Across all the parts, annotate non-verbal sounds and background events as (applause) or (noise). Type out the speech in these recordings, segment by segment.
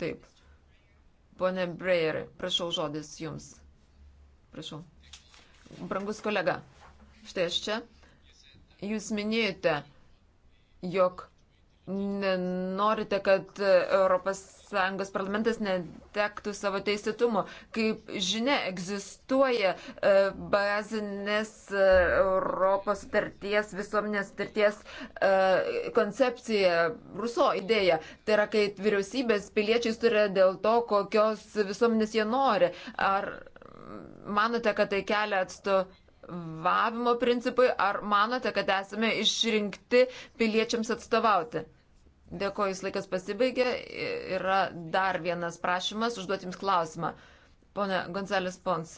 Taip. Pone Breyer, prašau žodis jums. Prašau. Brangus kolega, štai aš čia. Jūs minėjote, jog norite, kad ES parlamentas netektų savo teisėtumo. Kaip žinia, egzistuoja e, bazinės e, Europos sutarties, visuomenės sutarties e, koncepcija, ruso idėja. Tai yra, kai vyriausybės piliečiai turi dėl to, kokios visuomenės jie nori. Ar manote, kad tai kelia atsto atstovavimo principui, ar manote, kad esame išrinkti piliečiams atstovauti? Dėkoju, jis laikas pasibaigė. Yra dar vienas prašymas užduoti jums klausimą. Pone Gonzalės Pons.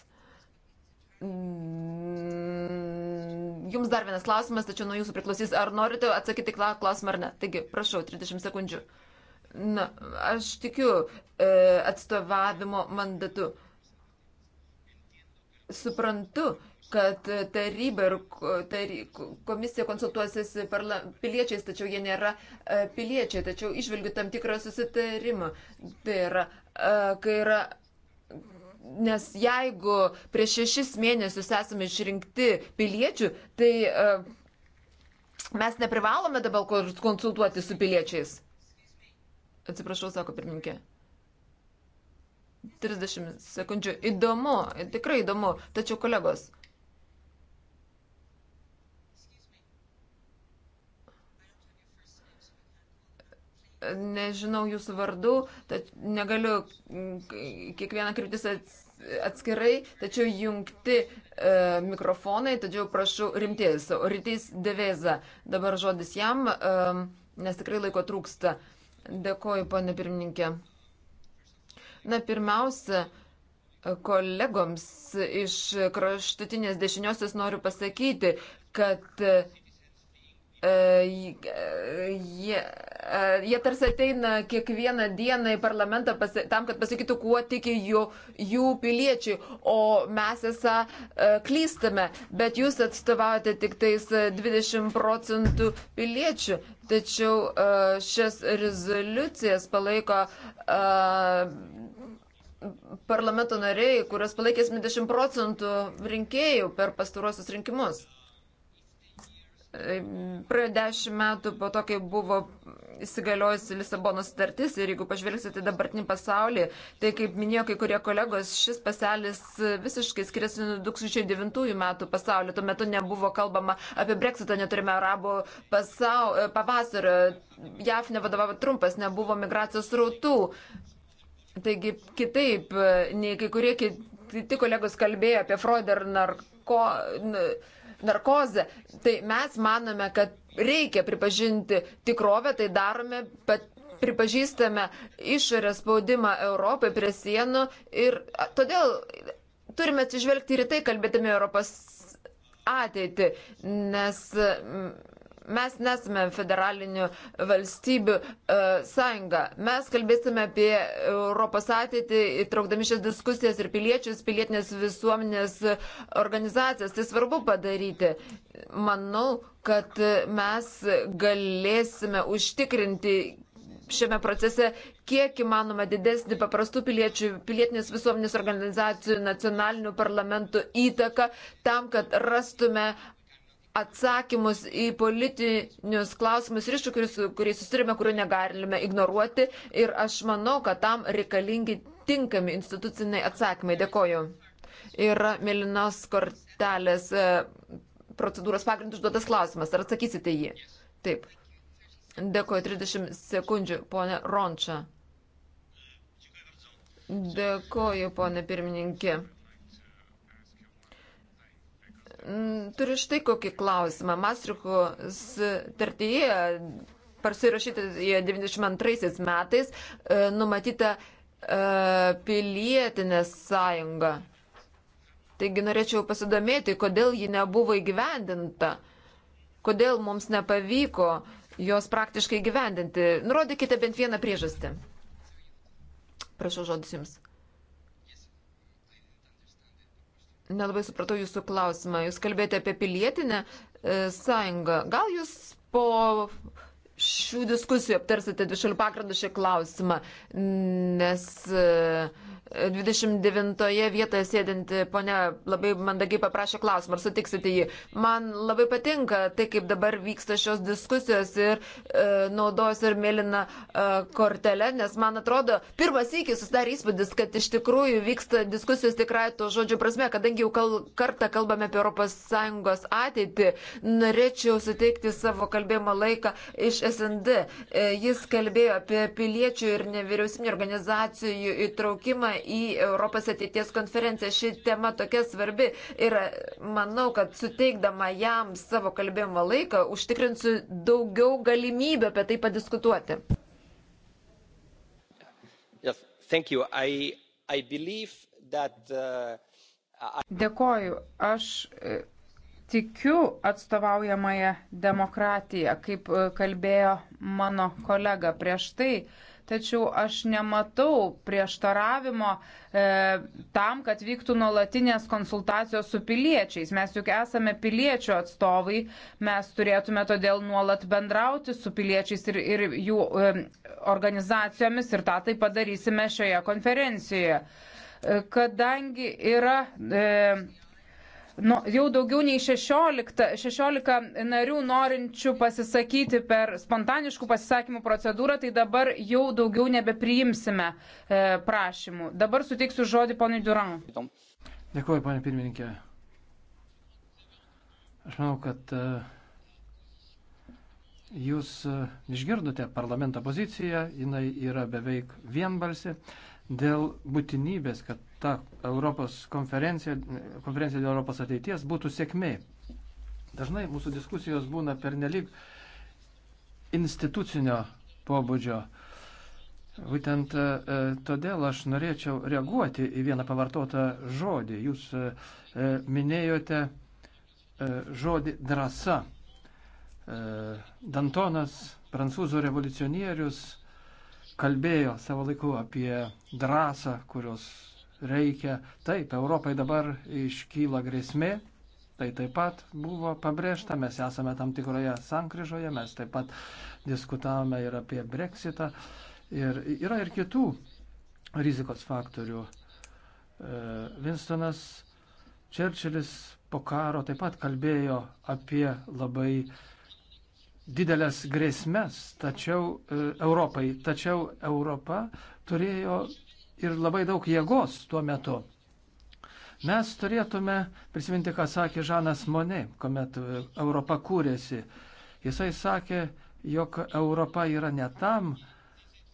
Mm, jums dar vienas klausimas, tačiau nuo jūsų priklausys, ar norite atsakyti klausimą ar ne. Taigi, prašau, 30 sekundžių. Na, aš tikiu e, atstovavimo mandatu suprantu, kad taryba ir tary, komisija konsultuosis parla, piliečiais, tačiau jie nėra e, piliečiai, tačiau išvelgiu tam tikrą susitarimą. Tai yra, e, kai yra. Nes jeigu prieš šešis mėnesius esame išrinkti piliečių, tai uh, mes neprivalome dabar konsultuoti su piliečiais. Atsiprašau, sako pirmininkė. 30 sekundžių. Įdomu, tikrai įdomu. Tačiau, kolegos. Nežinau jūsų vardų, tad negaliu kiekvieną kryptis atskirai, tačiau jungti e, mikrofonai, tačiau prašau rimties. O rytais deveza. Dabar žodis jam, e, nes tikrai laiko trūksta. Dėkoju, ponė pirmininkė. Na, pirmiausia, kolegoms iš kraštutinės dešiniosios noriu pasakyti, kad e, e, jie, e, jie tarsi ateina kiekvieną dieną į parlamentą pasi, tam, kad pasakytų, kuo tiki jų, jų piliečiai, o mes esą klystame, bet jūs atstovaujate tik tais 20 procentų piliečių. Tačiau šias rezoliucijas palaiko parlamento nariai, kurios palaikė 70 procentų rinkėjų per pastaruosius rinkimus. Praėjo dešimt metų po to, kai buvo įsigaliojusi Lisabonos sutartis ir jeigu pažvelgsite dabartinį pasaulį, tai kaip minėjo kai kurie kolegos, šis pasaulis visiškai skiriasi nuo 2009 metų pasaulio. Tuo metu nebuvo kalbama apie breksitą, neturime arabų pasau, pavasario, JAF nevadovavo trumpas, nebuvo migracijos rautų. Taigi kitaip, e, nei kai kurie kiti kolegos kalbėjo apie Freud ar narko, narkozę, tai mes manome, kad reikia pripažinti tikrovę, tai darome, bet pripažįstame išorės spaudimą Europai prie sienų ir todėl turime atsižvelgti ir į tai, kalbėdami Europos ateitį, nes Mes nesame federalinių valstybių e, sąjunga. Mes kalbėsime apie Europos ateitį, įtraukdami šias diskusijas ir piliečius, pilietinės visuomenės organizacijas. Tai svarbu padaryti. Manau, kad mes galėsime užtikrinti šiame procese kiek įmanoma didesnį paprastų piliečių, pilietinės visuomenės organizacijų, nacionalinių parlamentų įtaką tam, kad rastume atsakymus į politinius klausimus ir iššūkius, kuriais susirime, kurių negalime ignoruoti. Ir aš manau, kad tam reikalingi tinkami instituciniai atsakymai. Dėkoju. Ir Melinos kortelės e, procedūros pagrindų užduotas klausimas. Ar atsakysite jį? Taip. Dėkoju. 30 sekundžių, ponė Ronča. Dėkoju, ponė pirmininkė. Mm, turiu štai kokį klausimą. Mastricho sutartyje, pasirašytoje 92 metais, e, numatyta e, pilietinė sąjunga. Taigi norėčiau pasidomėti, kodėl ji nebuvo įgyvendinta, kodėl mums nepavyko jos praktiškai įgyvendinti. Nurodykite bent vieną priežastį. Prašau žodis jums. nelabai supratau jūsų klausimą. Jūs kalbėjote apie pilietinę e, sąjungą. Gal jūs po šių diskusijų aptarsite dvišalių pagrindų šį klausimą, nes e, 29 vietoje sėdinti ponia labai mandagiai paprašė klausimą, ar sutiksite jį. Man labai patinka tai, kaip dabar vyksta šios diskusijos ir e, naudos ir mėlyna e, kortelė, nes man atrodo, pirmas iki susidarė įspūdis, kad iš tikrųjų vyksta diskusijos tikrai to žodžio prasme, kadangi jau kal, kartą kalbame apie ES ateitį, norėčiau suteikti savo kalbėjimo laiką iš SND. E, jis kalbėjo apie piliečių ir nevyriausybinio organizacijų įtraukimą į Europos ateities konferenciją. Ši tema tokia svarbi ir manau, kad suteikdama jam savo kalbėjimo laiką, užtikrinsiu daugiau galimybę apie tai padiskutuoti. Yes, I, I that, uh, I... Dėkoju. Aš e, tikiu atstovaujamąją demokratiją, kaip e, kalbėjo mano kolega prieš tai. Uh, tačiau aš nematau prieštaravimo e, tam, kad vyktų nuolatinės konsultacijos su piliečiais. Mes juk esame piliečių atstovai, mes turėtume todėl nuolat bendrauti su piliečiais ir, ir jų e, organizacijomis ir tą tai padarysime šioje konferencijoje. E, kadangi yra. E, nu, jau daugiau nei 16, 16 narių norinčių pasisakyti per spontaniškų pasisakymų procedūrą, tai dabar jau daugiau nebepriimsime e, prašymų. Dabar suteiksiu žodį ponui Duran. Dėkuoju, ponė pirmininkė. Aš manau, kad e, jūs e, išgirdote parlamento poziciją, jinai yra beveik vienbalsi dėl būtinybės, kad ta Europos konferencija, konferencija dėl Europos ateities būtų sėkmė. Dažnai mūsų diskusijos būna pernelyg institucinio pobūdžio. Būtent e, e, todėl aš norėčiau reaguoti į vieną pavartotą žodį. Jūs e, minėjote žodį drąsa. Dantonas, prancūzų revoliucionierius, kalbėjo savo laiku apie drąsą, kurios reikia. Taip, Europai dabar iškyla grėsmė, tai taip pat buvo pabrėžta, mes esame tam tikroje sankryžoje, mes taip pat diskutavome ir apie breksitą. Ir yra ir kitų rizikos faktorių. Vinstonas e, Čerčilis po karo taip pat kalbėjo apie labai uh, didelės grėsmės tačiau, e, Europai, tačiau Europa turėjo ir labai daug jėgos tuo metu. Mes turėtume prisiminti, ką sakė Žanas Monė, kuomet e, Europa kūrėsi. Jisai sakė, jog Europa yra ne tam,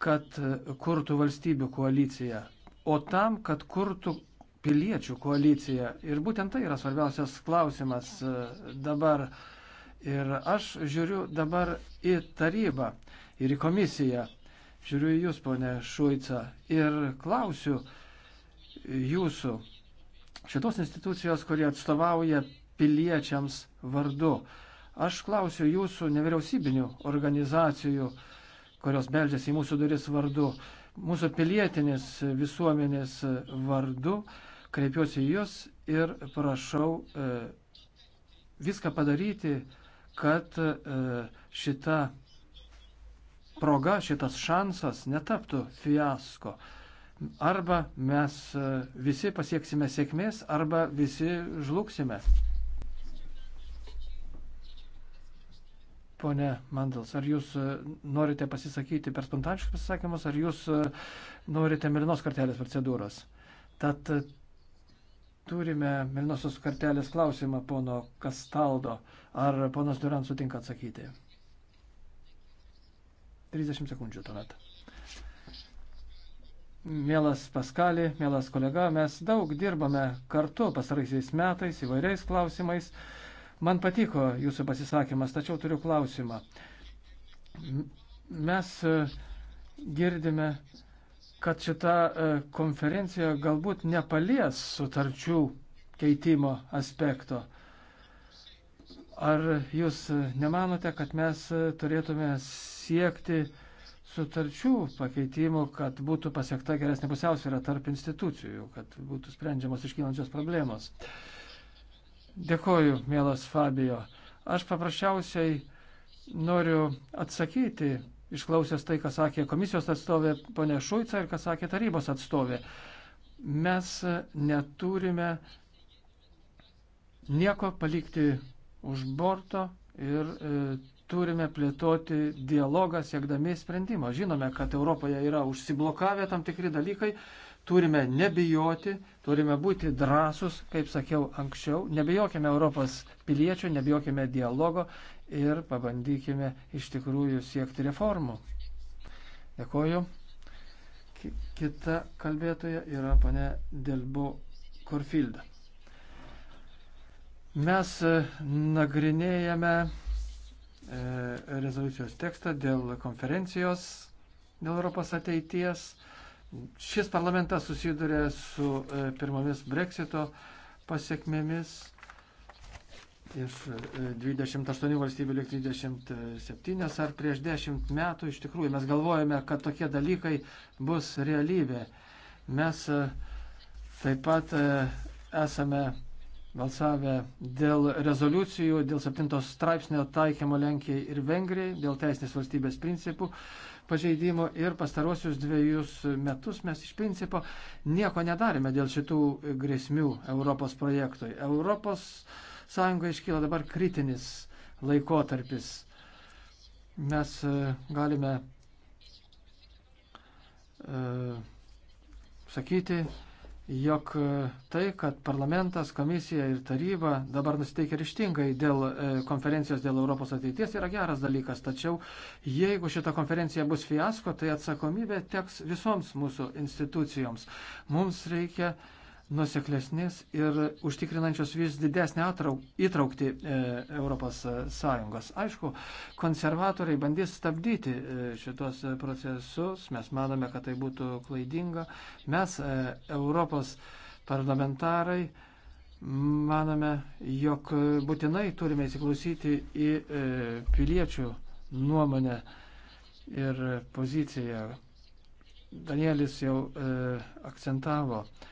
kad e, kurtų valstybių koaliciją, o tam, kad kurtų piliečių koaliciją. Ir būtent tai yra svarbiausias klausimas dabar. Ir aš žiūriu dabar į tarybą ir į komisiją. Žiūriu į jūs, ponė Šuica, ir klausiu jūsų, šitos institucijos, kurie atstovauja piliečiams vardu. Aš klausiu jūsų nevyriausybinių organizacijų, kurios beldžiasi į mūsų duris vardu, mūsų pilietinės visuomenės vardu, kreipiuosi į jūs ir prašau e, viską padaryti, kad e, šita proga, šitas šansas netaptų fiasko. Arba mes e, visi pasieksime sėkmės, arba visi žlugsime. Pone Mandels, ar jūs e, norite pasisakyti per spontaniškus pasisakymus, ar jūs norite mirinos kartelės procedūros? Tad Turime Milnosios kartelės klausimą pono Kastaldo. Ar ponas Duran sutinka atsakyti? 30 sekundžių tuomet. Mielas Paskali, mielas kolega, mes daug dirbame kartu pasaraisiais metais įvairiais klausimais. Man patiko jūsų pasisakymas, tačiau turiu klausimą. Mes e, girdime kad šita e, konferencija galbūt nepalies sutarčių keitimo aspekto. Ar jūs nemanote, kad mes turėtume siekti sutarčių pakeitimų, kad būtų pasiekta geresnė pusiausvėra tarp institucijų, kad būtų sprendžiamos iškylančios problemos? Dėkoju, mielas Fabijo. Aš paprasčiausiai noriu atsakyti išklausęs tai, ką sakė komisijos atstovė ponė Šuica ir ką sakė tarybos atstovė. Mes neturime nieko palikti už borto ir e, turime plėtoti dialogą siekdami sprendimo. Žinome, kad Europoje yra užsiblokavę tam tikri dalykai, turime nebijoti, turime būti drąsus, kaip sakiau anksčiau, nebijokime Europos piliečių, nebijokime dialogo ir pabandykime iš tikrųjų siekti reformų. Dėkoju. Kita kalbėtoja yra pane Delbo Korfilda. Mes e, nagrinėjame e, rezoliucijos tekstą dėl konferencijos dėl Europos ateities. Šis parlamentas susiduria su e, pirmomis breksito pasiekmėmis iš 28 e, valstybių lik 27, ar prieš 10 metų iš tikrųjų mes galvojame, kad tokie dalykai bus realybė. Mes e, taip pat e, esame balsavę dėl rezoliucijų, dėl 7 straipsnio taikymo Lenkijai ir Vengrijai, dėl teisinės valstybės principų pažeidimo ir pastarosius dviejus metus mes iš principo nieko nedarėme dėl šitų grėsmių Europos projektui. Europos uh, Sąjungoje iškyla dabar kritinis laikotarpis. Mes e, galime e, sakyti, jog e, tai, kad parlamentas, komisija ir taryba dabar nusiteikia ryštingai dėl e, konferencijos dėl Europos ateities yra geras dalykas. Tačiau jeigu šita konferencija bus fiasko, tai atsakomybė teks visoms mūsų institucijoms. Mums reikia uh, nuseklesnės ir užtikrinančios vis didesnį atrauk, įtraukti e, Europos Sąjungos. Aišku, konservatoriai bandys stabdyti e, šitos procesus, mes manome, kad tai būtų klaidinga. Mes, e, Europos parlamentarai, manome, jog būtinai turime įsiklausyti į e, piliečių nuomonę ir poziciją. Danielis jau e, akcentavo, e,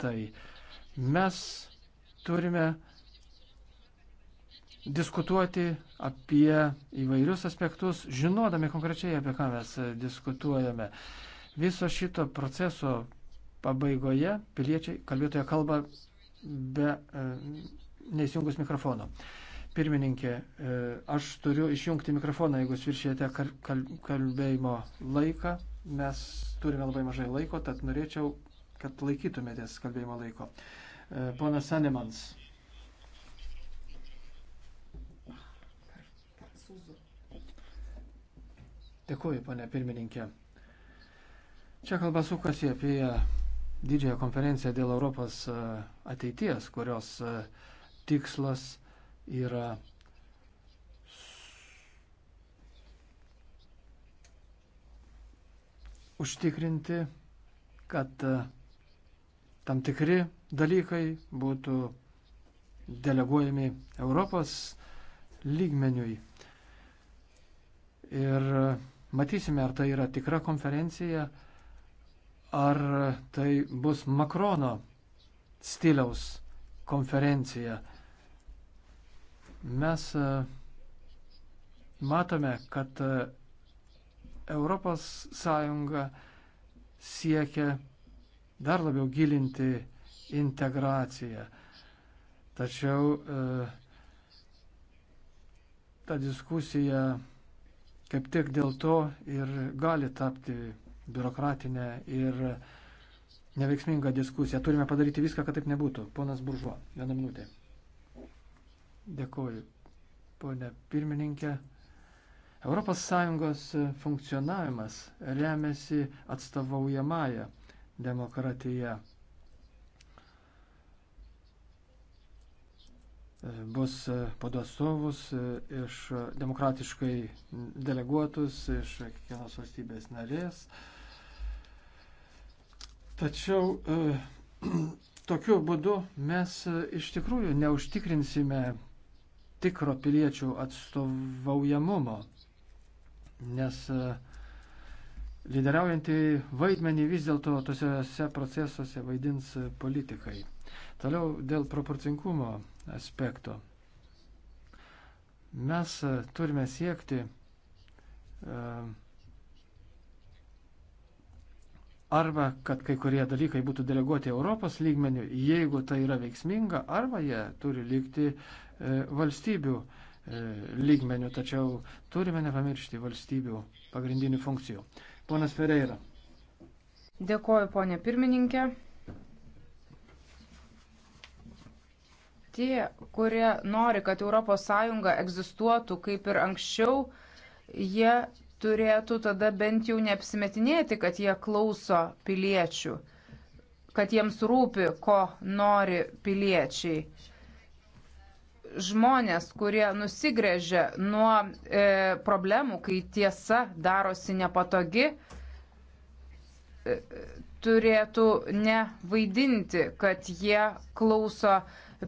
tai. Mes turime diskutuoti apie įvairius aspektus, žinodami konkrečiai, apie ką mes diskutuojame. Viso šito proceso pabaigoje piliečiai kalbėtoje kalba be e, neįsijungus mikrofono. Pirmininkė, e, aš turiu išjungti mikrofoną, jeigu viršėjate kalbėjimo laiką. Mes turime labai mažai laiko, tad norėčiau kad laikytumėtės kalbėjimo laiko. E, ponas Sanemans. Dėkuoju, ponė pirmininkė. Čia kalba sukasi apie didžiąją konferenciją dėl Europos e, ateities, kurios e, tikslas yra užtikrinti, kad tam tikri dalykai būtų deleguojami Europos lygmeniui. Ir matysime, ar tai yra tikra konferencija, ar tai bus Makrono stiliaus konferencija. Mes e, matome, kad e, Europos Sąjunga siekia dar labiau gilinti integraciją. Tačiau e, ta diskusija kaip tik dėl to ir gali tapti biurokratinę ir neveiksmingą diskusiją. Turime padaryti viską, kad taip nebūtų. Ponas Buržuo, vieną minutę. Dėkuoju, ponė pirmininkė. ES funkcionavimas remiasi atstovaujamąją demokratija. Bus padosovus iš demokratiškai deleguotus iš kiekvienos valstybės narės. Tačiau e, (clears throat) tokiu būdu mes e, iš tikrųjų neužtikrinsime tikro piliečių atstovaujamumo, nes uh, lyderiaujantį vaidmenį vis dėlto tose procesuose vaidins politikai. Toliau dėl proporcingumo aspekto. Mes e, turime siekti e, arba, kad kai kurie dalykai būtų deleguoti Europos lygmenių, jeigu tai yra veiksminga, arba jie turi likti e, valstybių lygmenių, tačiau turime nepamiršti valstybių pagrindinių funkcijų. Ponas Fereira. Dėkoju, ponė pirmininkė. Tie, kurie nori, kad ES egzistuotų kaip ir anksčiau, jie turėtų tada bent jau neapsimetinėti, kad jie klauso piliečių, kad jiems rūpi, ko nori piliečiai žmonės, kurie nusigrėžia nuo e, problemų, kai tiesa darosi nepatogi, e, turėtų nevaidinti, kad jie klauso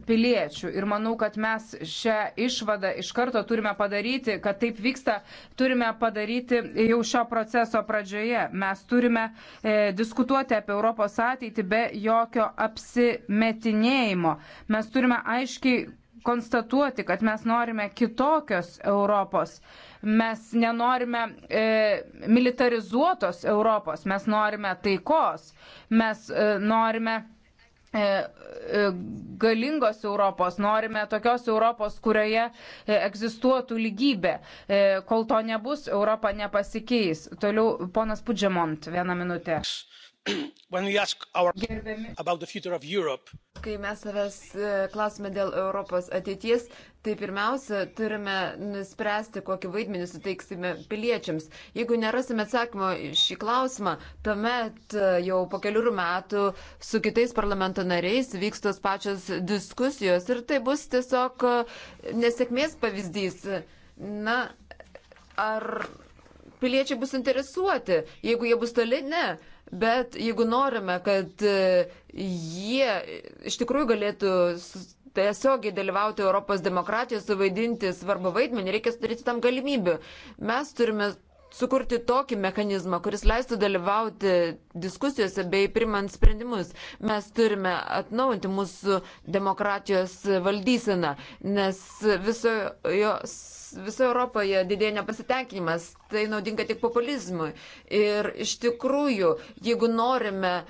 piliečių. Ir manau, kad mes šią išvadą iš karto turime padaryti, kad taip vyksta, turime padaryti jau šio proceso pradžioje. Mes turime e, diskutuoti apie Europos ateitį be jokio apsimetinėjimo. Mes turime aiškiai konstatuoti, kad mes norime kitokios Europos. Mes nenorime e, militarizuotos Europos, mes norime taikos, mes e, norime e, e, galingos Europos, norime tokios Europos, kurioje e, egzistuotų lygybė. Kol to nebus, Europa nepasikeis. Toliau ponas Pudžiamont, vieną minutę. Aš (clears throat) Our... Kai mes savęs e, klausime dėl Europos ateities, tai pirmiausia, turime nuspręsti, kokį vaidmenį suteiksime piliečiams. Jeigu nerasime atsakymo šį klausimą, tuomet e, jau po kelių metų su kitais parlamento nariais vyks tos pačios diskusijos ir tai bus tiesiog e, nesėkmės pavyzdys. Na, ar piliečiai bus interesuoti, jeigu jie bus toli, ne Bet jeigu norime, kad e, jie iš tikrųjų galėtų tiesiogiai dalyvauti Europos demokratijos, suvaidinti svarbu vaidmenį, reikia sudaryti tam galimybių. Mes turime sukurti tokį mechanizmą, kuris leistų dalyvauti diskusijose bei primant sprendimus. Mes turime atnaujinti mūsų demokratijos valdyseną, nes viso jos visoje Europoje didėja nepasitenkinimas, tai naudinga tik populizmui. Ir iš tikrųjų, jeigu norime e,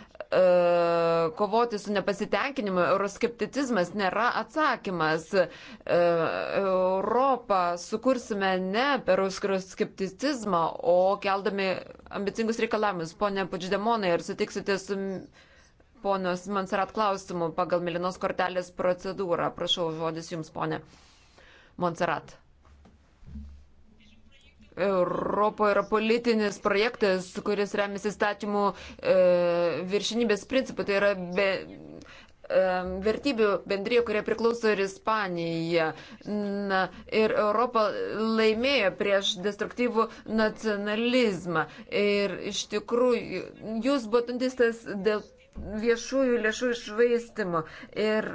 kovoti su nepasitenkinimu, euroskepticizmas nėra atsakymas. E, Europą sukursime ne per euroskepticizmą, o keldami ambicingus reikalavimus. Pone Pučdemonai, ar sutiksite su ponios Mansarat klausimu pagal Milinos kortelės procedūrą? Prašau, žodis jums, ponė Mansarat. Europoje yra politinis projektas, kuris remiasi statymų e, viršinybės principų. Tai yra be, e, vertybių bendrija, kurie priklauso ir Ispanija. Na, ir Europa laimėjo prieš destruktyvų nacionalizmą. Ir iš tikrųjų, jūs buvo tuntistas dėl viešųjų lėšų išvaistimo. Ir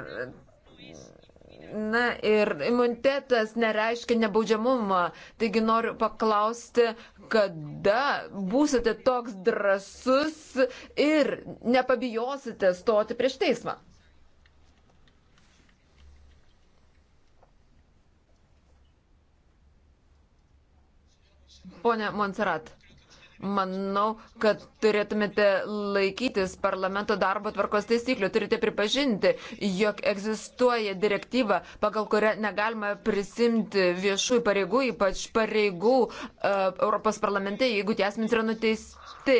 Na ir imunitetas nereiškia nebaudžiamumą. Taigi noriu paklausti, kada būsite toks drasus ir nepabijosite stoti prieš teismą. Pone Monserat. Manau, kad turėtumėte laikytis parlamento darbo tvarkos taisyklių. Turite pripažinti, jog egzistuoja direktyva, pagal kurią negalima prisimti viešųjų pareigų, ypač pareigų uh, Europos parlamente, jeigu tie asmenys yra nuteisti.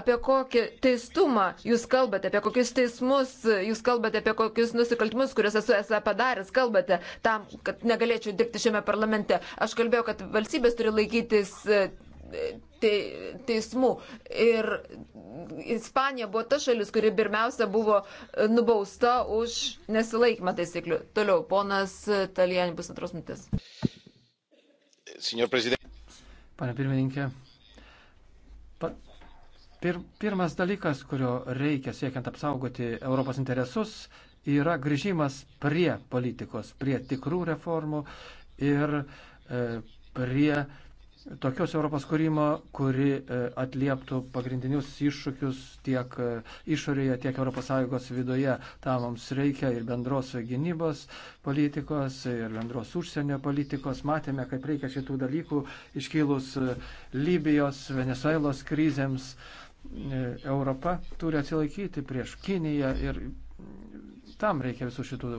Apie kokį teistumą jūs kalbate, apie kokius teismus jūs kalbate, apie kokius nusikaltimus, kuriuos esu esą padaręs, kalbate tam, kad negalėčiau dirbti šiame parlamente. Aš kalbėjau, kad valstybės turi laikytis. Uh, te, teismų. Ir Ispanija buvo ta šalis, kuri pirmiausia buvo e, nubausta už nesilaikymą taisyklių. Toliau, ponas Talijanė, pusantros mintis. Pane pirmininkė, pa, pir, pirmas dalykas, kurio reikia siekiant apsaugoti Europos interesus, yra grįžimas prie politikos, prie tikrų reformų ir e, prie e, tokios Europos kūrimo, kuri e, atlieptų pagrindinius iššūkius tiek e, išorėje, tiek ES viduje. Tam mums reikia ir bendros gynybos politikos, ir bendros užsienio politikos. Matėme, kaip reikia šitų dalykų iškylus e, Libijos, Venezuelos krizėms. Europa turi atsilaikyti prieš Kiniją ir tam reikia visų šitų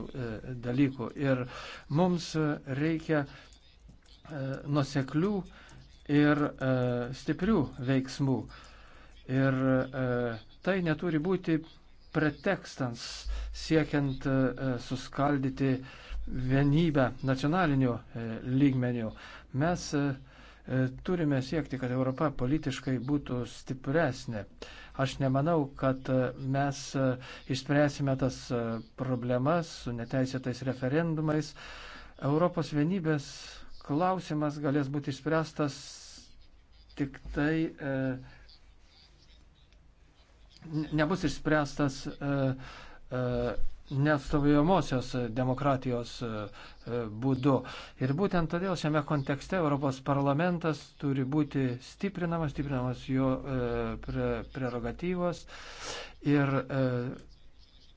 dalykų. Ir mums reikia nuseklių ir e, stiprių veiksmų. Ir e, tai neturi būti pretekstans siekiant e, e, suskaldyti vienybę nacionaliniu e, lygmeniu. Mes e, e, turime siekti, kad Europa politiškai būtų stipresnė. Aš nemanau, kad e, mes išspręsime tas problemas su neteisėtais referendumais. Europos vienybės klausimas galės būti išspręstas tik tai, e, nebus išspręstas e, e, neatstovėjomosios demokratijos e, e, būdu. Ir būtent todėl šiame kontekste Europos parlamentas turi būti stiprinamas, stiprinamas jo e, prerogatyvos. Ir e,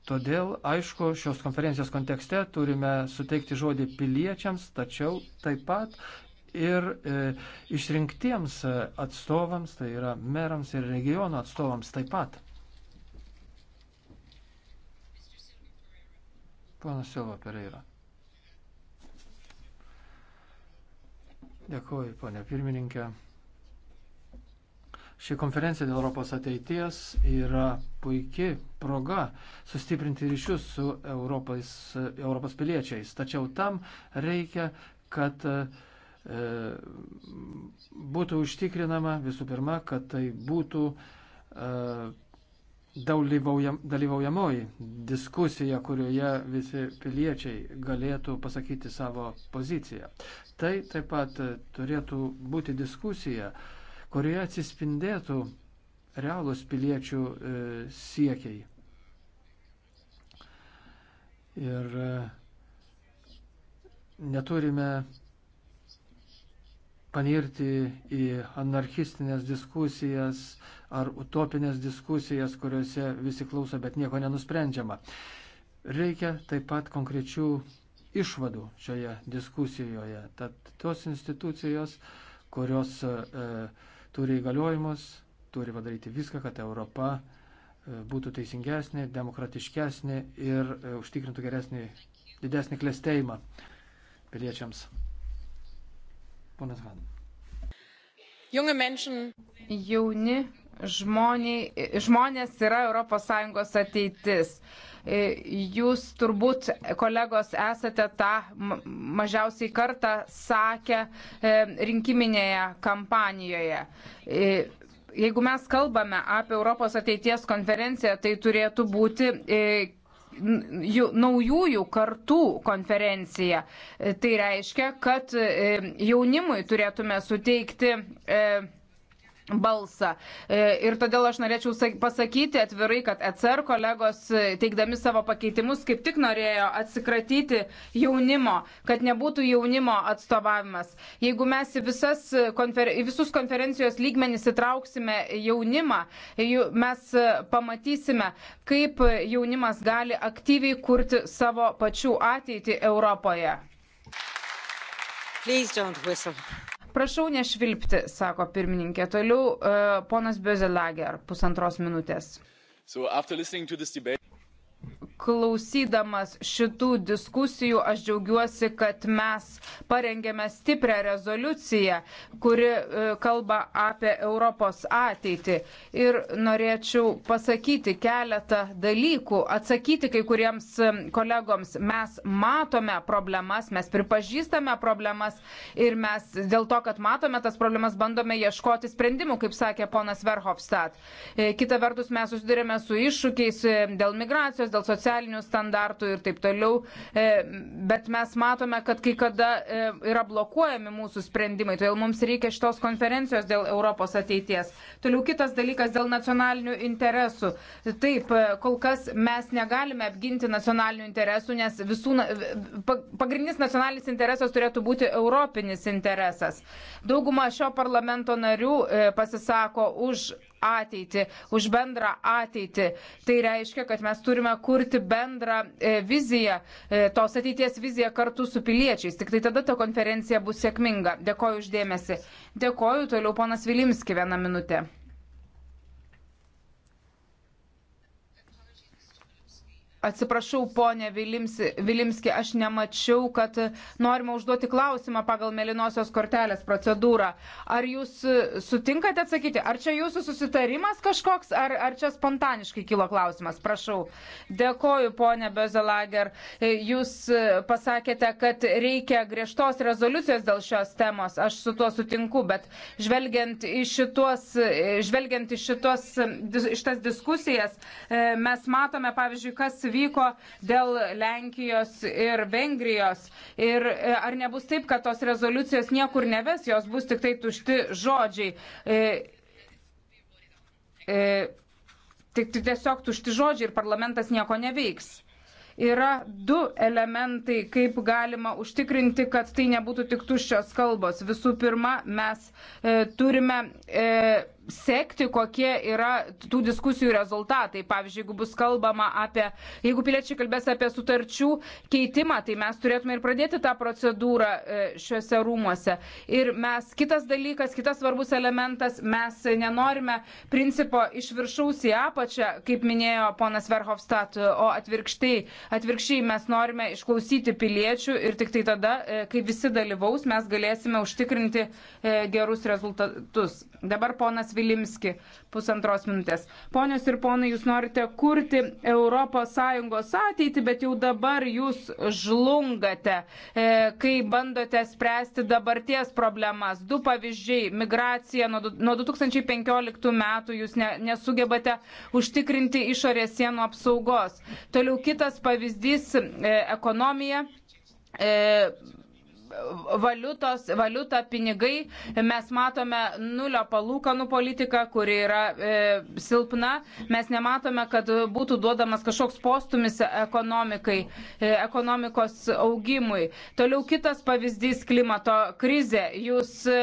Todėl, aišku, šios konferencijos kontekste turime suteikti žodį piliečiams, tačiau taip pat ir e, išrinktiems atstovams, tai yra merams ir regiono atstovams taip pat. Ponas Silva Pereira. Dėkuoju, ponė pirmininkė. Ši konferencija dėl Europos ateities yra puikia proga sustiprinti ryšius su Europos, Europos piliečiais. Tačiau tam reikia, kad e, būtų užtikrinama visų pirma, kad tai būtų e, dalyvaujamoji diskusija, kurioje visi piliečiai galėtų pasakyti savo poziciją. Tai taip pat e, turėtų būti diskusija, e, kurioje atsispindėtų realūs piliečių e, siekiai. Ir e, neturime panirti į anarchistinės diskusijas ar utopinės diskusijas, kuriuose visi klauso, bet nieko nenusprendžiama. Reikia taip pat konkrečių išvadų šioje diskusijoje. Tad tos institucijos, kurios e, turi įgaliojimus, turi padaryti viską, kad Europa e, būtų teisingesnė, demokratiškesnė ir e, užtikrintų geresnį, didesnį klėstėjimą piliečiams. Ponas Han. Jauni žmoniai, žmonės yra ES ateitis. E, jūs turbūt, kolegos, esate tą mažiausiai kartą sakę e, rinkiminėje kampanijoje e, jeigu mes kalbame apie Europos ateities konferenciją, tai turėtų būti naujųjų kartų konferencija. Tai reiškia, kad jaunimui turėtume suteikti balsą. E, ir todėl aš norėčiau pasakyti atvirai, kad ECR kolegos, e, teikdami savo pakeitimus, kaip tik norėjo atsikratyti jaunimo, kad nebūtų jaunimo atstovavimas. Jeigu mes į, visas, e, konfer, į visus konferencijos lygmenys įtrauksime jaunimą, mes pamatysime, kaip jaunimas gali aktyviai kurti savo pačių ateitį Europoje. Please don't whistle. Prašau nešvilpti, sako pirmininkė. Toliau uh, ponas Bezelager, pusantros minutės. So Klausydamas šitų diskusijų, aš džiaugiuosi, kad mes parengėme stiprią rezoliuciją, kuri e, kalba apie Europos ateitį. Ir norėčiau pasakyti keletą dalykų, atsakyti kai kuriems e, kolegoms. Mes matome problemas, mes pripažįstame problemas ir mes dėl to, kad matome tas problemas, bandome ieškoti sprendimų, kaip sakė ponas Verhofstadt. E, kita vertus, mes susidurėme su iššūkiais dėl migracijos, dėl socialinės socialinių standartų ir taip toliau. E, bet mes matome, kad kai kada e, yra blokuojami mūsų sprendimai, todėl mums reikia šitos konferencijos dėl Europos ateities. Toliau kitas dalykas dėl nacionalinių interesų. Taip, e, kol kas mes negalime apginti nacionalinių interesų, nes visų, pagrindinis nacionalinis interesas turėtų būti europinis interesas. Dauguma šio parlamento narių pasisako už ateitį, už bendrą ateitį. Tai reiškia, kad mes turime kurti bendrą e, viziją, e, tos ateities viziją kartu su piliečiais. Tik tai tada ta konferencija bus sėkminga. Dėkoju uždėmesi. Dėkoju toliau ponas Vilimski vieną minutę. Atsiprašau, ponė Vilimski, aš nemačiau, kad norima užduoti klausimą pagal melinosios kortelės procedūrą. Ar jūs sutinkate atsakyti, ar čia jūsų susitarimas kažkoks, ar, ar čia spontaniškai kilo klausimas? Prašau. Dėkoju, ponė Bezelager. Jūs pasakėte, kad reikia griežtos rezoliucijos dėl šios temos. Aš su tuo sutinku, bet žvelgiant į šitos, žvelgiant į šitos, šitas diskusijas, mes matome, pavyzdžiui, kas vyksta nepavyko dėl Lenkijos ir Vengrijos. Ir e, ar nebus taip, kad tos rezoliucijos niekur neves, jos bus tik tai tušti žodžiai. E, e, tik, tik tiesiog tušti žodžiai ir parlamentas nieko neveiks yra du elementai, kaip galima užtikrinti, kad tai nebūtų tik tuščios kalbos. Visų pirma, mes e, turime. E, sekti, kokie yra tų diskusijų rezultatai. Pavyzdžiui, jeigu bus kalbama apie, jeigu piliečiai kalbės apie sutarčių keitimą, tai mes turėtume ir pradėti tą procedūrą e, šiuose rūmuose. Ir mes, kitas dalykas, kitas svarbus elementas, mes nenorime principo iš viršaus į apačią, kaip minėjo ponas Verhofstadt, o atvirkštai, atvirkščiai mes norime išklausyti piliečių ir tik tai tada, e, kai visi dalyvaus, mes galėsime užtikrinti e, gerus rezultatus. Dabar ponas Vilimski, pusantros minutės. Ponios ir ponai, jūs norite kurti ES ateitį, bet jau dabar jūs žlungate, e, kai bandote spręsti dabarties problemas. Du pavyzdžiai - migracija. Nuo 2015 metų jūs ne, nesugebate užtikrinti išorės sienų apsaugos. Toliau kitas pavyzdys - e, ekonomija. E, valiutos, valiuta, pinigai, mes matome nulio palūkanų politiką, kuri yra e, silpna, mes nematome, kad būtų duodamas kažkoks postumis ekonomikai, e, ekonomikos augimui. Toliau kitas pavyzdys - klimato krizė. Jūs e,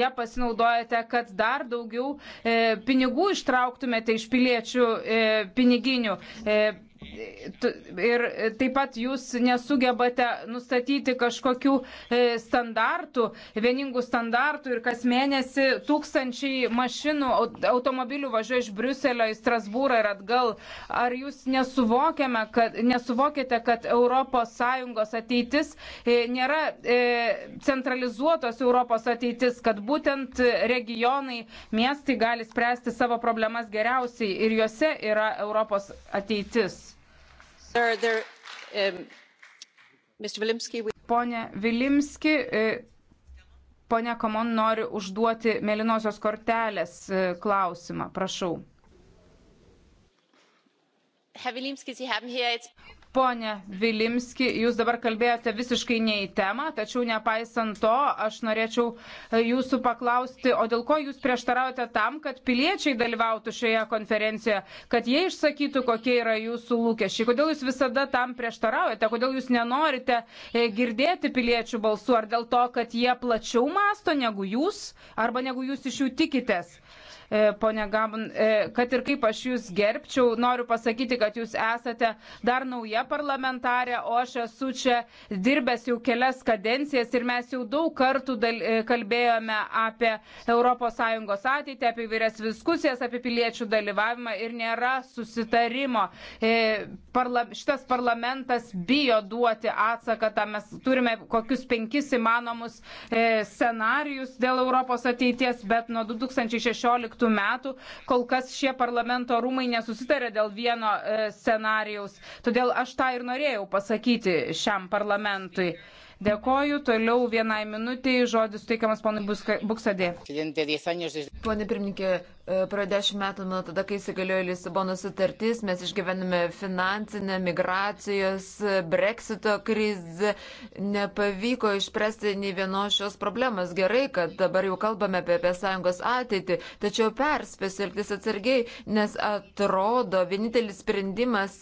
ją pasinaudojate, kad dar daugiau e, pinigų ištrauktumėte iš piliečių e, piniginių. E, ir taip pat jūs nesugebate nustatyti kažkokių e, standartų, vieningų standartų ir kas mėnesį tūkstančiai mašinų, automobilių važiuoja iš Briuselio į Strasbūrą ir atgal. Ar jūs kad, nesuvokite, kad ES ateitis e, nėra e, centralizuotos Europos ateitis, kad būtent regionai, miestai gali spręsti savo problemas geriausiai ir juose yra Europos ateitis? Um, pone Vilimski, e, pone Komon nori užduoti mėlynosios kortelės e, klausimą. Prašau. Pone Vilimski, jūs dabar kalbėjote visiškai ne į temą, tačiau nepaisant to, aš norėčiau e, jūsų paklausti, o dėl ko jūs prieštaraujate tam, kad piliečiai dalyvautų šioje konferencijoje, kad jie išsakytų, kokie yra jūsų lūkesčiai, kodėl jūs visada tam prieštaraujate, kodėl jūs nenorite e, girdėti piliečių balsų, ar dėl to, kad jie plačiau masto negu jūs, arba negu jūs iš jų tikitės. E, ponia Gabon, e, kad ir kaip aš jūs gerbčiau, noriu pasakyti, kad jūs esate dar nauja parlamentarė, o aš esu čia dirbęs jau kelias kadencijas ir mes jau daug kartų dal, e, kalbėjome apie ES ateitį, apie vairias diskusijas, apie piliečių dalyvavimą ir nėra susitarimo. Parla, šitas parlamentas bijo duoti atsaką, tam mes turime kokius penkis įmanomus scenarius dėl Europos ateities, bet nuo 2016 2013 metų. Kol kas šie parlamento rūmai nesusitarė dėl vieno e, scenarijaus. Todėl aš tą ir norėjau pasakyti šiam parlamentui. Dėkoju, toliau vienai minutiai žodis suteikiamas ponui Buksadė. Pone pirmininkė, e, praėjo dešimt metų nuo tada, kai įsigaliojo Lisabono sutartis, mes išgyvename finansinę, migracijos, e, breksito krizę, nepavyko išspręsti nei vienos šios problemas. Gerai, kad dabar jau kalbame apie, apie sąjungos ateitį, tačiau perspės elgtis atsargiai, nes atrodo vienintelis sprendimas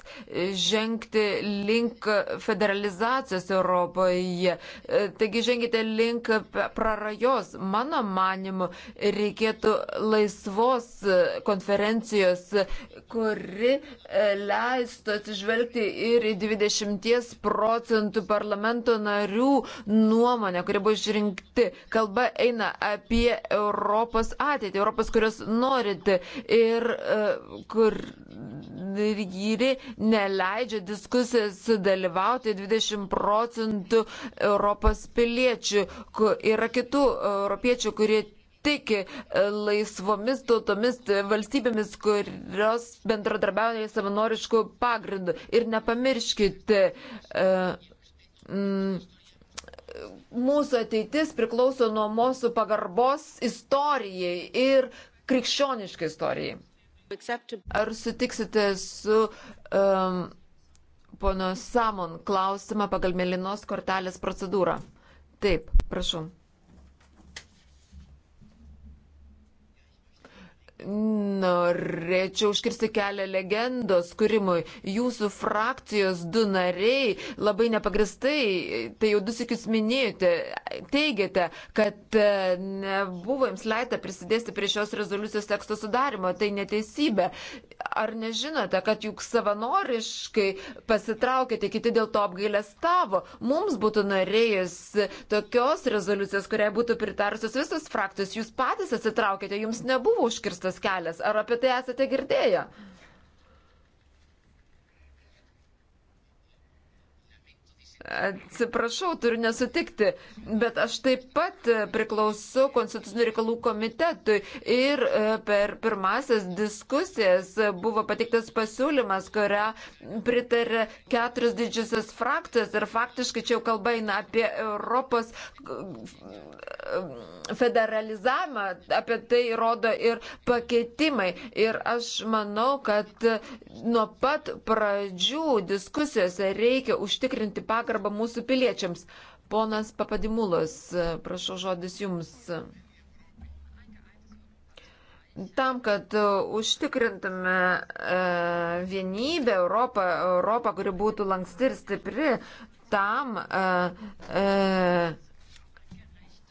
žengti link federalizacijos Europoje. Europoje. Taigi žengite link prarajos. Mano manimu, reikėtų laisvos e, konferencijos, kuri e, leistų atsižvelgti ir į 20 procentų parlamento narių nuomonę, kuri buvo išrinkti. Kalba eina apie Europos ateitį, Europos, kurios norite ir e, kur vyri neleidžia diskusijas dalyvauti 20 procentų Europos piliečių. Yra kitų europiečių, kurie tiki e, laisvomis tautomis valstybėmis, kurios bendradarbiauja savanoriškų pagrindų. Ir nepamirškite. E, mūsų ateitis priklauso nuo mūsų pagarbos istorijai ir krikščioniškai istorijai. Ar sutiksite su um, pono Samon klausimą pagal mėlynos kortelės procedūrą? Taip, prašau. Norėčiau užkirsti kelią legendos kūrimui. Jūsų frakcijos du nariai labai nepagristai, tai jau du sikius minėjote, teigiate, kad e, nebuvo jums leita prisidėti prie šios rezoliucijos teksto sudarimo. Tai neteisybė. Ar nežinote, kad juk savanoriškai pasitraukėte, kiti dėl to apgailę stavo? Mums būtų norėjus tokios rezoliucijos, kuriai būtų pritarusios visos frakcijos. Jūs patys atsitraukėte, jums nebuvo užkirstas kelias. Ar apie tai esate girdėję? Atsiprašau, turiu nesutikti, bet aš taip pat priklausau Konstitucinių reikalų komitetui ir e, per pirmasis diskusijas buvo patiktas pasiūlymas, kurią pritarė keturis didžiusias frakcijas ir faktiškai čia jau kalba eina apie Europos e, federalizavimą, apie tai rodo ir pakeitimai. Ir aš manau, kad nuo pat pradžių diskusijose reikia užtikrinti pagrindų pagarbą mūsų piliečiams. Ponas Papadimulas, prašau žodis jums. Tam, kad užtikrintume e, vienybę Europą, Europą, kuri būtų lanksti ir stipri, tam e,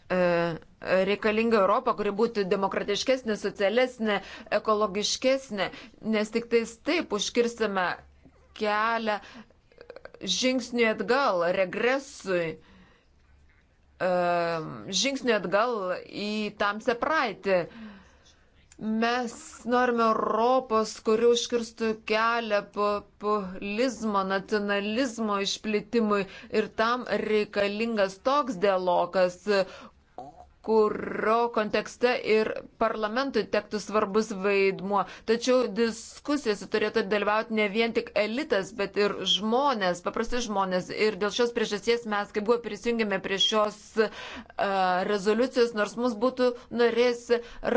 e, reikalinga Europa, kuri būtų demokratiškesnė, socialesnė, ekologiškesnė, nes tik tais taip užkirsime kelią žingsniui atgal, regresui, žingsniui atgal į tamsią praeitį. Mes norime Europos, kuri užkirstų kelią populizmo, nacionalizmo išplitimui ir tam reikalingas toks dialogas, kurio kontekste ir parlamentui tektų svarbus vaidmuo. Tačiau diskusijose turėtų dalyvauti ne vien tik elitas, bet ir žmonės, paprasti žmonės. Ir dėl šios priežasties mes, kaip buvo, prisijungėme prie šios uh, rezoliucijos, nors mus būtų norės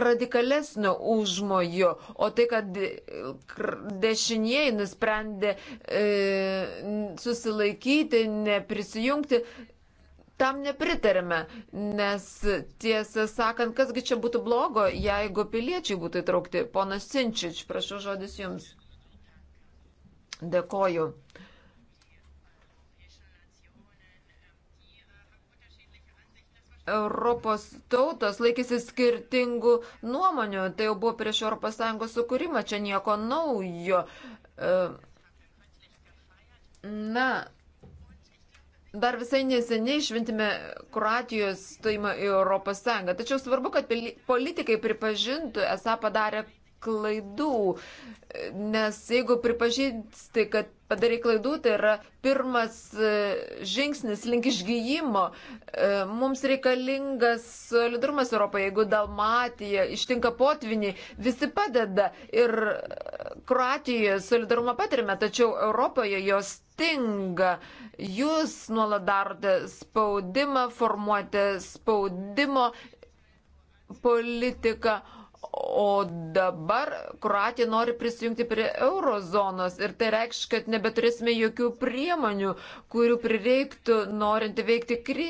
radikalesnio užmojo. O tai, kad dešiniai nusprendė e, susilaikyti, neprisijungti, tam nepritarėme, nes tiesą sakant, kasgi čia būtų blogo, jeigu piliečiai būtų įtraukti. Ponas Sinčič, prašau žodis jums. Dėkoju. Europos tautos laikėsi skirtingų nuomonių, tai jau buvo prieš ES sukūrimą, čia nieko naujo. E, na, Dar visai neseniai šventime Kroatijos stojimą į Europos Sąjungą. Tačiau svarbu, kad politikai pripažintų, esą padarė klaidų, nes jeigu pripažįsti, kad padarai klaidų, tai yra pirmas e, žingsnis link išgyjimo. E, mums reikalingas solidarumas Europoje, jeigu Dalmatija ištinka potvinį, visi padeda ir e, Kroatijoje solidarumą patirime, tačiau Europoje jos stinga. Jūs nuolat darote spaudimą, formuojate spaudimo politiką, O dabar Kroatija nori prisijungti prie eurozonos ir tai reikš, kad nebeturėsime jokių priemonių, kurių prireiktų norint veikti kri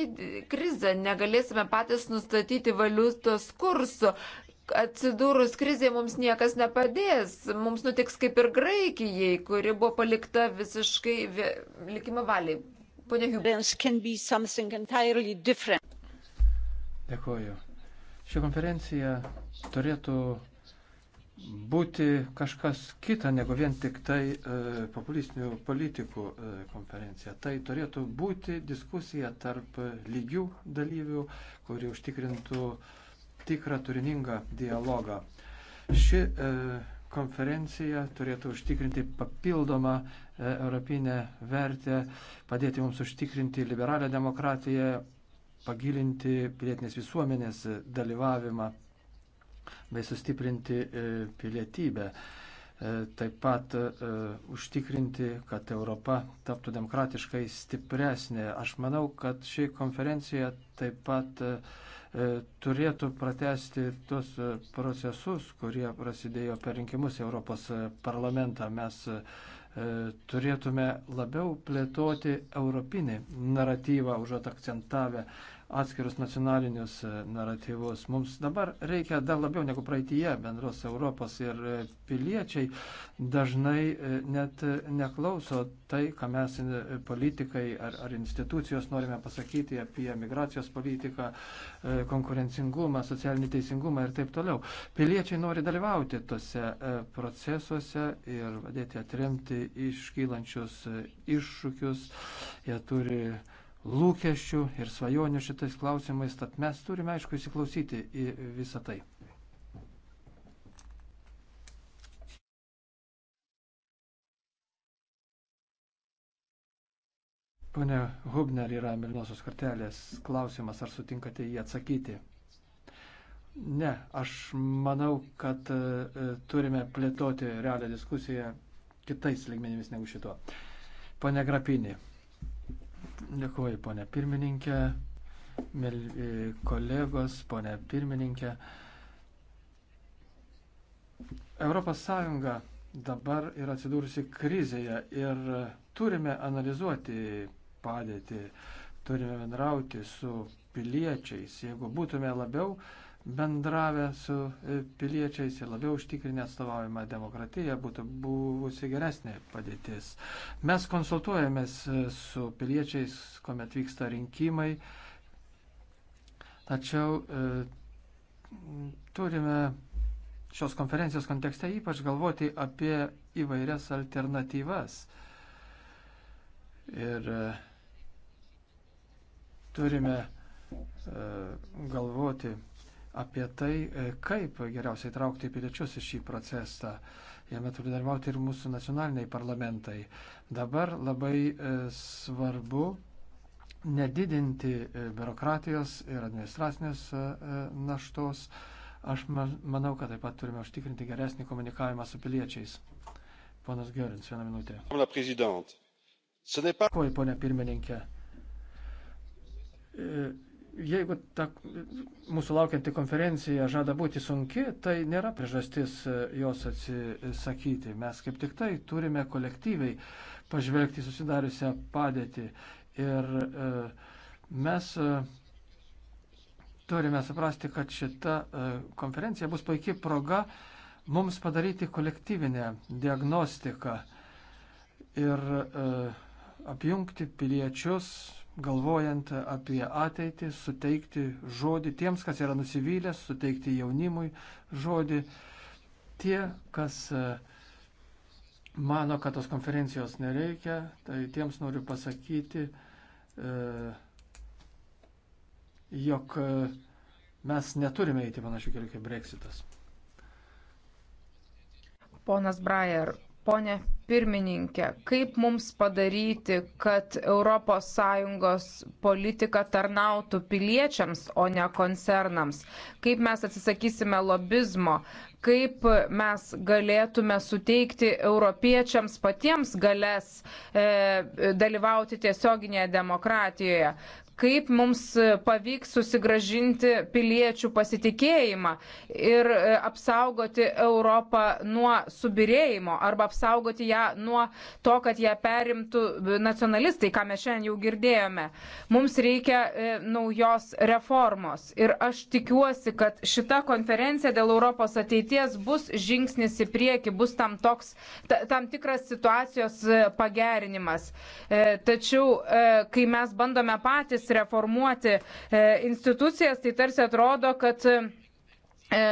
krizę. Negalėsime patys nustatyti valiutos kurso. Atsidūrus krizėje mums niekas nepadės. Mums nutiks kaip ir Graikijai, kuri buvo palikta visiškai vė... likimo valiai. Pone Hubens. Dėkuoju Ši konferencija turėtų būti kažkas kita negu vien tik tai e, populistinių politikų e, konferencija. Tai turėtų būti diskusija tarp lygių dalyvių, kuri užtikrintų tikrą turiningą dialogą. Ši e, konferencija turėtų užtikrinti papildomą e, europinę vertę, padėti mums užtikrinti liberalią demokratiją, pagilinti pilietinės visuomenės dalyvavimą bei sustiprinti e, pilietybę. E, taip pat e, užtikrinti, kad Europa taptų demokratiškai stipresnė. Aš manau, kad ši konferencija taip pat turėtų pratesti tuos procesus, kurie prasidėjo per rinkimus Europos parlamentą. Mes E, turėtume labiau plėtoti europinį naratyvą, užuot akcentavę atskirus nacionalinius e, naratyvus. Mums dabar reikia dar labiau negu praeitie bendros Europos ir e, piliečiai dažnai e, net neklauso tai, ką mes politikai ar, ar institucijos norime pasakyti apie migracijos politiką, konkurencingumą, socialinį teisingumą ir taip toliau. Piliečiai nori dalyvauti tose procesuose ir padėti atremti iškylančius iššūkius. Jie turi lūkesčių ir svajonių šitais klausimais, tad mes turime aišku įsiklausyti į visą tai. Pane Hubner yra Milnosios kartelės klausimas, ar sutinkate jį atsakyti? Ne, aš manau, kad e, turime plėtoti realią diskusiją kitais lygmenimis negu šito. Pane Grapinį. Dėkuoju, ponė pirmininkė, mėly e, kolegos, ponė pirmininkė. Europos Sąjunga dabar yra atsidūrusi krizėje ir turime analizuoti padėtį, turime bendrauti su piliečiais. Jeigu būtume labiau uh, bendravę su e, piliečiais ir labiau užtikrinę atstovaujamą demokratiją būtų buvusi geresnė padėtis. Mes konsultuojamės e, su piliečiais, kuomet vyksta rinkimai, tačiau e, turime šios konferencijos kontekste ypač galvoti apie įvairias alternatyvas. Ir e, turime e, galvoti apie tai, e, kaip geriausiai traukti piliečius į šį procesą. Jame turi dalyvauti ir mūsų nacionaliniai parlamentai. Dabar labai e, svarbu nedidinti e, biurokratijos ir administracinės naštos. Aš manau, kad taip pat turime užtikrinti geresnį komunikavimą su piliečiais. Ponas Gerins, vieną minutę. Dėkuoju, ponė pirmininkė jeigu ta mūsų laukianti konferencija žada būti sunki, tai nėra priežastis e, jos atsisakyti. Mes kaip tik tai turime kolektyviai pažvelgti susidariusią padėtį. Ir e, mes e, turime suprasti, kad šita konferencija bus puikiai proga mums padaryti kolektyvinę diagnostiką ir apjungti piliečius, galvojant apie ateitį, suteikti žodį tiems, kas yra nusivylęs, suteikti jaunimui žodį. Tie, kas e, mano, kad tos konferencijos nereikia, tai tiems noriu pasakyti, e, jog e, mes neturime eiti panašių kelių kaip Brexitas. Ponas Brajer, ponė pirmininkė, kaip mums padaryti, kad ES politika tarnautų piliečiams, o ne koncernams? Kaip mes atsisakysime lobizmo? Kaip mes galėtume suteikti europiečiams patiems galės e, dalyvauti tiesioginėje demokratijoje? kaip mums pavyks susigražinti piliečių pasitikėjimą ir e, apsaugoti Europą nuo subirėjimo arba apsaugoti ją nuo to, kad ją perimtų nacionalistai, ką mes šiandien jau girdėjome. Mums reikia e, naujos reformos ir aš tikiuosi, kad šita konferencija dėl Europos ateities bus žingsnis į priekį, bus tam, toks, tam tikras situacijos e, pagerinimas. Tačiau, kai mes bandome patys siekis reformuoti e, institucijas, tai tarsi atrodo, kad e, e,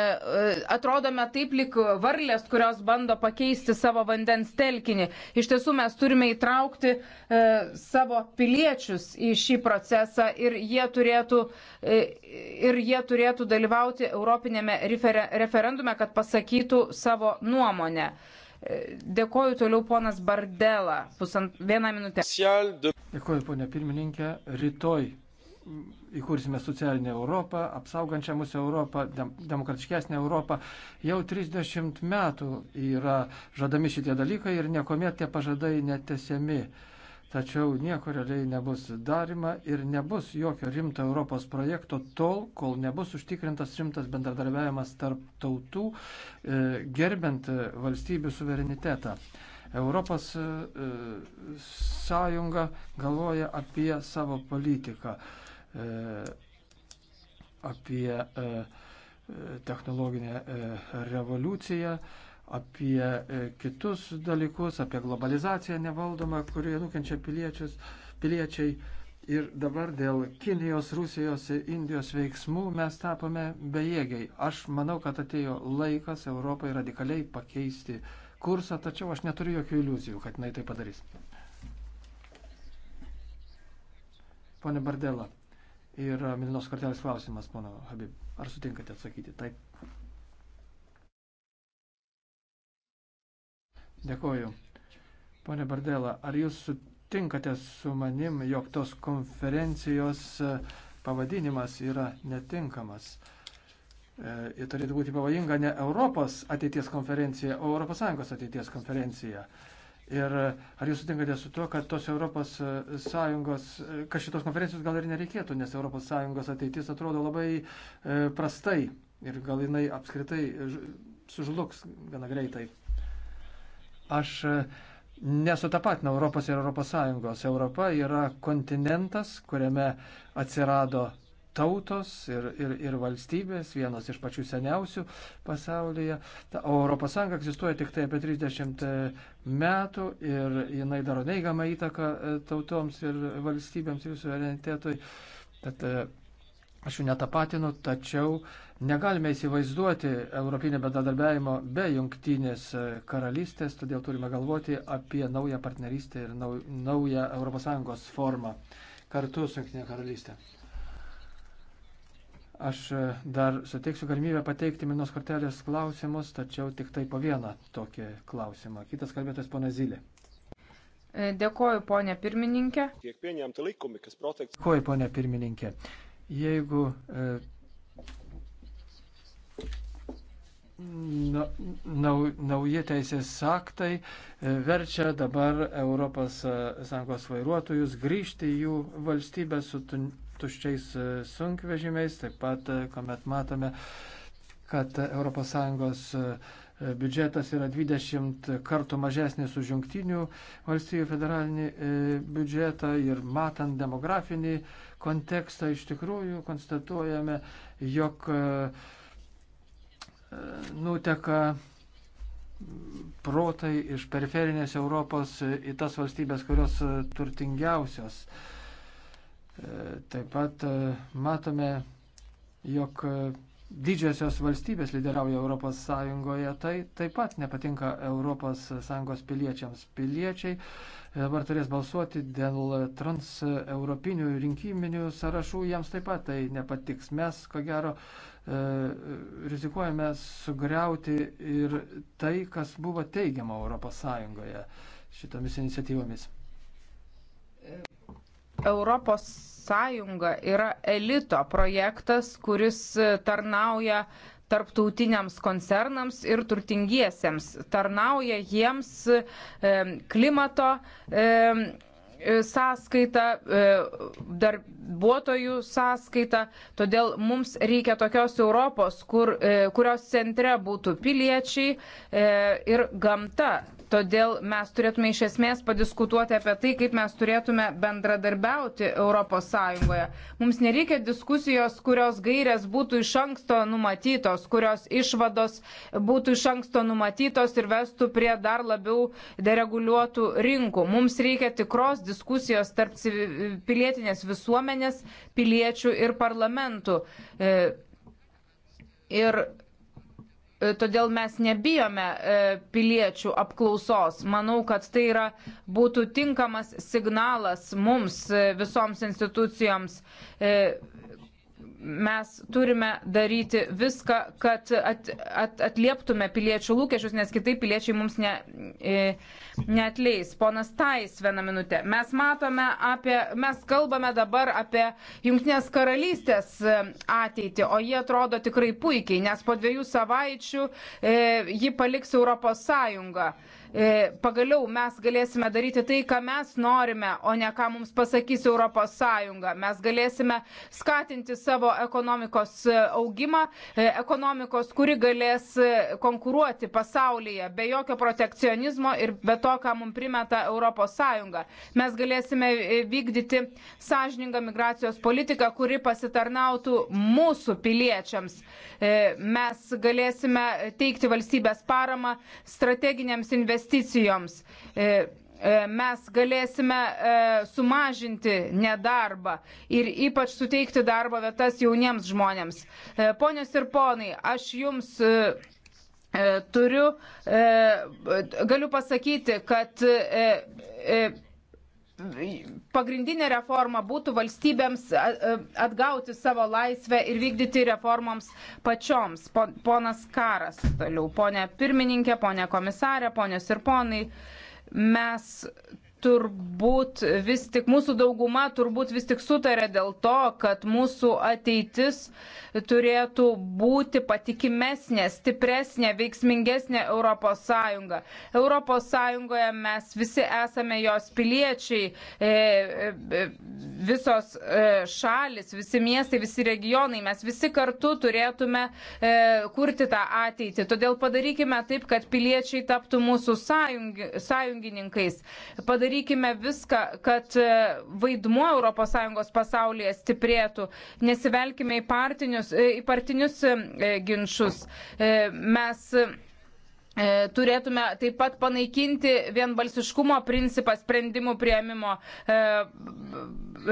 atrodome taip lik varlės, kurios bando pakeisti savo vandens telkinį. Iš tiesų mes turime įtraukti savo piliečius į šį procesą ir jie turėtų, ir jie turėtų dalyvauti Europinėme referendume, kad pasakytų savo nuomonę. Dėkoju toliau ponas Bardela. Pusant vieną minutę. Dėkoju ponė pirmininkė. Rytoj įkursime socialinę Europą, apsaugančią mūsų Europą, dem, demokratiškesnę Europą. Jau 30 metų yra žadami šitie dalykai ir niekuomet tie pažadai netesiami. Tačiau nieko realiai nebus darima ir nebus jokio rimto Europos projekto tol, kol nebus užtikrintas rimtas bendradarbiavimas tarp tautų, e, gerbent valstybių suverenitetą. Europos e, sąjunga galvoja apie savo politiką, e, apie technologinę revoliuciją, apie e, kitus dalykus, apie globalizaciją nevaldomą, kurioje nukenčia piliečiai. Ir dabar dėl Kinijos, Rusijos ir Indijos veiksmų mes tapome bejėgiai. Aš manau, kad atėjo laikas Europai radikaliai pakeisti kursą, tačiau aš neturiu jokių iliuzijų, kad jinai tai padarys. Pone Bardela, yra Milinos kortelės klausimas, pono Habib. Ar sutinkate atsakyti? Taip. Dėkoju. Pone Bardela, ar jūs sutinkate su manim, jog tos konferencijos e, pavadinimas yra netinkamas? E, ir turėtų būti pavojinga ne Europos ateities konferencija, o ES ateities konferencija. Ir e, ar jūs sutinkate su tuo, kad tos Europos Sąjungos, kad šitos konferencijos gal ir nereikėtų, nes Europos Sąjungos ateitis atrodo labai prastai ir gal jinai apskritai sužlugs gana greitai. Aš e, nesutapatinau Europos ir ES. Europa yra kontinentas, kuriame atsirado tautos ir, ir, ir valstybės, vienos iš pačių seniausių pasaulyje. Ta, o ES egzistuoja tik tai apie 30 e, metų ir jinai daro neigiamą įtaką e, tautoms ir valstybėms ir suverenitetui. Tad, Aš jų netapatinu, tačiau negalime įsivaizduoti europinio bendradarbiavimo be jungtinės e, karalystės, todėl turime galvoti apie naują partnerystę ir nau, naują ES formą kartu su jungtinė karalystė. Aš e, dar suteiksiu galimybę pateikti minos kortelės klausimus, tačiau tik tai po vieną tokį klausimą. Kitas kalbėtojas pana Zylė. E, dėkoju, ponė pirmininkė. Dėkoju, ponė pirmininkė jeigu e, na, nau, nauji teisės aktai e, verčia dabar ES e, vairuotojus grįžti į jų valstybę su tuščiais sunkvežimiais, taip pat, kuomet matome, kad ES biudžetas yra 20 kartų mažesnis už jungtinių valstybių federalinį e, biudžetą ir matant demografinį kontekstą iš tikrųjų konstatuojame, jog e, e, nuteka protai iš periferinės Europos į tas valstybės, kurios turtingiausios. Taip pat matome, jog didžiosios valstybės lyderiauja Europos Sąjungoje, tai taip pat nepatinka Europos Sąjungos piliečiams. Piliečiai e, dabar turės balsuoti dėl transeuropinių rinkiminių sąrašų, jiems taip pat tai nepatiks. Mes, ko gero, e, rizikuojame sugriauti ir tai, kas buvo teigiama Europos Sąjungoje šitomis iniciatyvomis. Europos sąjunga yra elito projektas, kuris tarnauja tarptautiniams koncernams ir turtingiesiems, tarnauja jiems e, klimato e, sąskaita, darbuotojų sąskaita. Todėl mums reikia tokios Europos, kur, e, kurios centre būtų piliečiai e, ir gamta. Todėl mes turėtume iš esmės padiskutuoti apie tai, kaip mes turėtume bendradarbiauti ES. Mums nereikia diskusijos, kurios gairės būtų iš anksto numatytos, kurios išvados būtų iš anksto numatytos ir vestų prie dar labiau dereguliuotų rinkų. Mums reikia tikros diskusijos tarp pilietinės visuomenės, piliečių ir parlamentų. E, ir E, todėl mes nebijome e, piliečių apklausos. Manau, kad tai yra, būtų tinkamas signalas mums e, visoms institucijoms mes turime daryti viską, kad at, at, atlieptume piliečių lūkesčius, nes kitaip piliečiai mums ne, e, neatleis. Ponas Tais, vieną minutę. Mes matome apie, mes kalbame dabar apie Junktinės karalystės e, ateitį, o jie atrodo tikrai puikiai, nes po dviejų savaičių e, ji paliks Europos Sąjungą. E, E, pagaliau mes galėsime daryti tai, ką mes norime, o ne ką mums pasakys ES. Mes galėsime skatinti savo ekonomikos e, augimą, e, ekonomikos, kuri galės konkuruoti pasaulyje be jokio protekcionizmo ir be to, ką mums primeta ES. Mes galėsime vykdyti sąžiningą migracijos politiką, kuri pasitarnautų mūsų piliečiams. Mes galėsime teikti valstybės paramą strateginėms investicijoms investicijoms. E, e, mes galėsime e, sumažinti nedarbą ir ypač suteikti darbo vietas jauniems žmonėms. Ponios ir ponai, aš jums turiu, galiu pasakyti, kad pagrindinė reforma būtų valstybėms atgauti savo laisvę ir vykdyti reformoms pačioms. Ponas Karas toliau, ponė pirmininkė, ponė komisarė, ponės ir ponai, mes turbūt vis tik, mūsų dauguma turbūt vis tik sutarė dėl to, kad mūsų ateitis turėtų būti patikimesnė, stipresnė, veiksmingesnė Europos Sąjunga. Europos Sąjungoje mes visi esame jos piliečiai, e, e, visos e, šalis, visi miestai, visi regionai, mes visi kartu turėtume kurti tą ateitį. Todėl padarykime taip, kad piliečiai taptų mūsų sąjungi, sąjungininkais. Padarykime darykime viską, kad e, vaidmuo ES pasaulyje stiprėtų, nesivelkime į partinius, e, į partinius e, ginčius. Mes Turėtume taip pat panaikinti vienbalsiškumo principą sprendimų prieimimo e,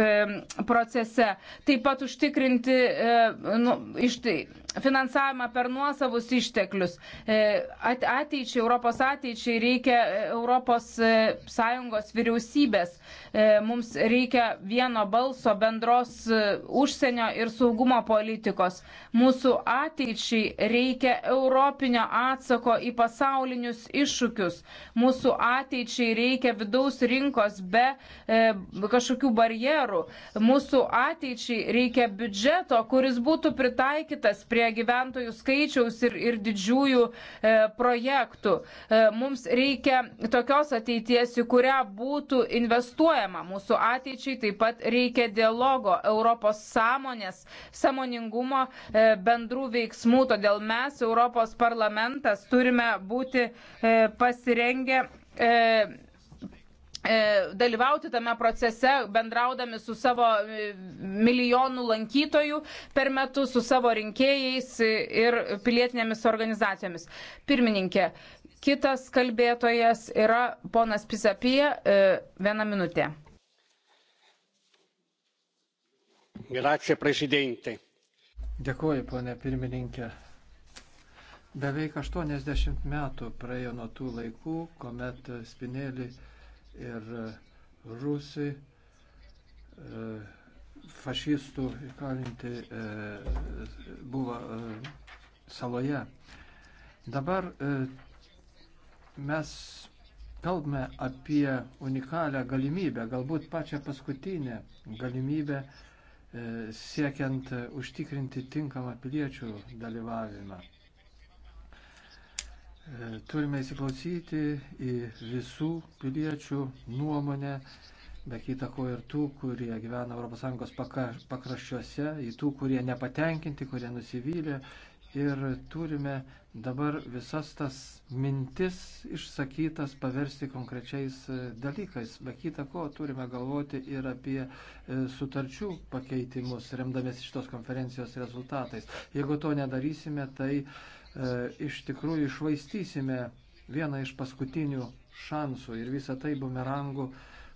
e, procese. Taip pat užtikrinti e, nu, iš, tai- finansavimą per nuosavus išteklius. E, ateičiai, Europos ateičiai reikia e, Europos e, Sąjungos vyriausybės. Mums reikia vieno balso bendros užsienio ir saugumo politikos. Mūsų ateičiai reikia europinio atsako į pasaulinius iššūkius. Mūsų ateičiai reikia vidaus rinkos be kažkokių barjerų. Mūsų ateičiai reikia biudžeto, kuris būtų pritaikytas prie prie gyventojų skaičiaus ir, ir didžiųjų e, projektų. E, mums reikia tokios ateities, į kurią būtų investuojama. Mūsų ateičiai taip pat reikia dialogo, Europos sąmonės, samoningumo, e, bendrų veiksmų. Todėl mes, Europos parlamentas, turime būti e, pasirengę. E, E, dalyvauti tame procese, bendraudami su savo e, milijonų lankytojų per metus, su savo rinkėjais ir pilietinėmis organizacijomis. Pirmininkė, kitas kalbėtojas yra ponas Pisapija, e, viena minutė. Grazie, prezidentė. Dėkuoju, ponė pirmininkė. Beveik 80 metų praėjo nuo tų laikų, kuomet Spinėlis ir e, rusai e, fašistų įkalinti e, buvo saloje. Dabar mes kalbame apie unikalią galimybę, galbūt pačią paskutinę galimybę siekiant užtikrinti tinkamą piliečių dalyvavimą. E, turime įsiklausyti į visų piliečių nuomonę, be kita ko ir tų, kurie gyvena ES pakraščiuose, į tų, kurie nepatenkinti, kurie nusivylę. Ir turime dabar visas tas mintis išsakytas paversti konkrečiais e, dalykais. Be kita ko, turime galvoti ir apie e, sutarčių pakeitimus, remdamės šitos konferencijos rezultatais. Jeigu to nedarysime, tai E, iš tikrųjų išvaistysime vieną iš paskutinių šansų ir visą tai bumerangų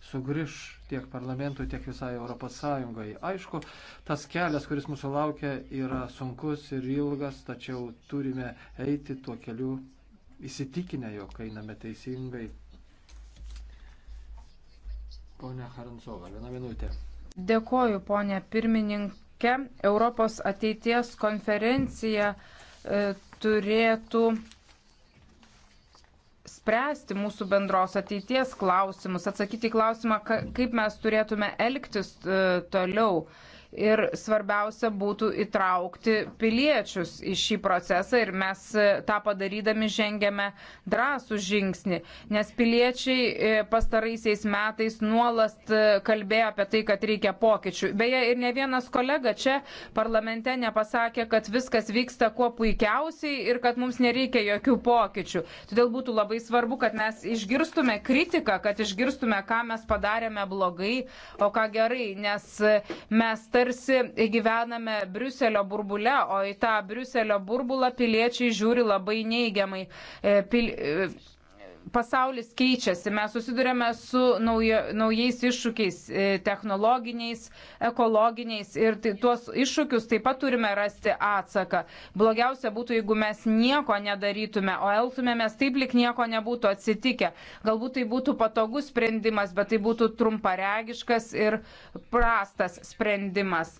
sugrįž tiek parlamentui, tiek visai Europos Sąjungai. Aišku, tas kelias, kuris mūsų laukia, yra sunkus ir ilgas, tačiau turime eiti tuo keliu įsitikinę, jog einame teisingai. Pone Harantsova, vieną minutę. Dėkoju, ponė pirmininkė. Europos ateities konferencija e, turėtų spręsti mūsų bendros ateities klausimus, atsakyti į klausimą, kaip mes turėtume elgtis e, toliau ir svarbiausia būtų įtraukti piliečius į šį procesą ir mes e, tą padarydami žengėme drąsų žingsnį, nes piliečiai e, pastaraisiais metais nuolat e, kalbėjo apie tai, kad reikia pokyčių. Beje, ir ne vienas kolega čia parlamente nepasakė, kad viskas vyksta kuo puikiausiai ir kad mums nereikia jokių pokyčių. Todėl būtų labai svarbu, kad mes išgirstume kritiką, kad išgirstume, ką mes padarėme blogai, o ką gerai, nes mes tarsi tarsi gyvename Briuselio burbule, o į tą Briuselio burbulą piliečiai žiūri labai neigiamai. E, pil... E, pasaulis keičiasi, mes susidurėme su naujo, naujais iššūkiais e, technologiniais, ekologiniais ir tai, tuos iššūkius taip pat turime rasti atsaką. Blogiausia būtų, jeigu mes nieko nedarytume, o elgtumėmės taip, lik nieko nebūtų atsitikę. Galbūt tai būtų patogus sprendimas, bet tai būtų trumparegiškas ir prastas sprendimas.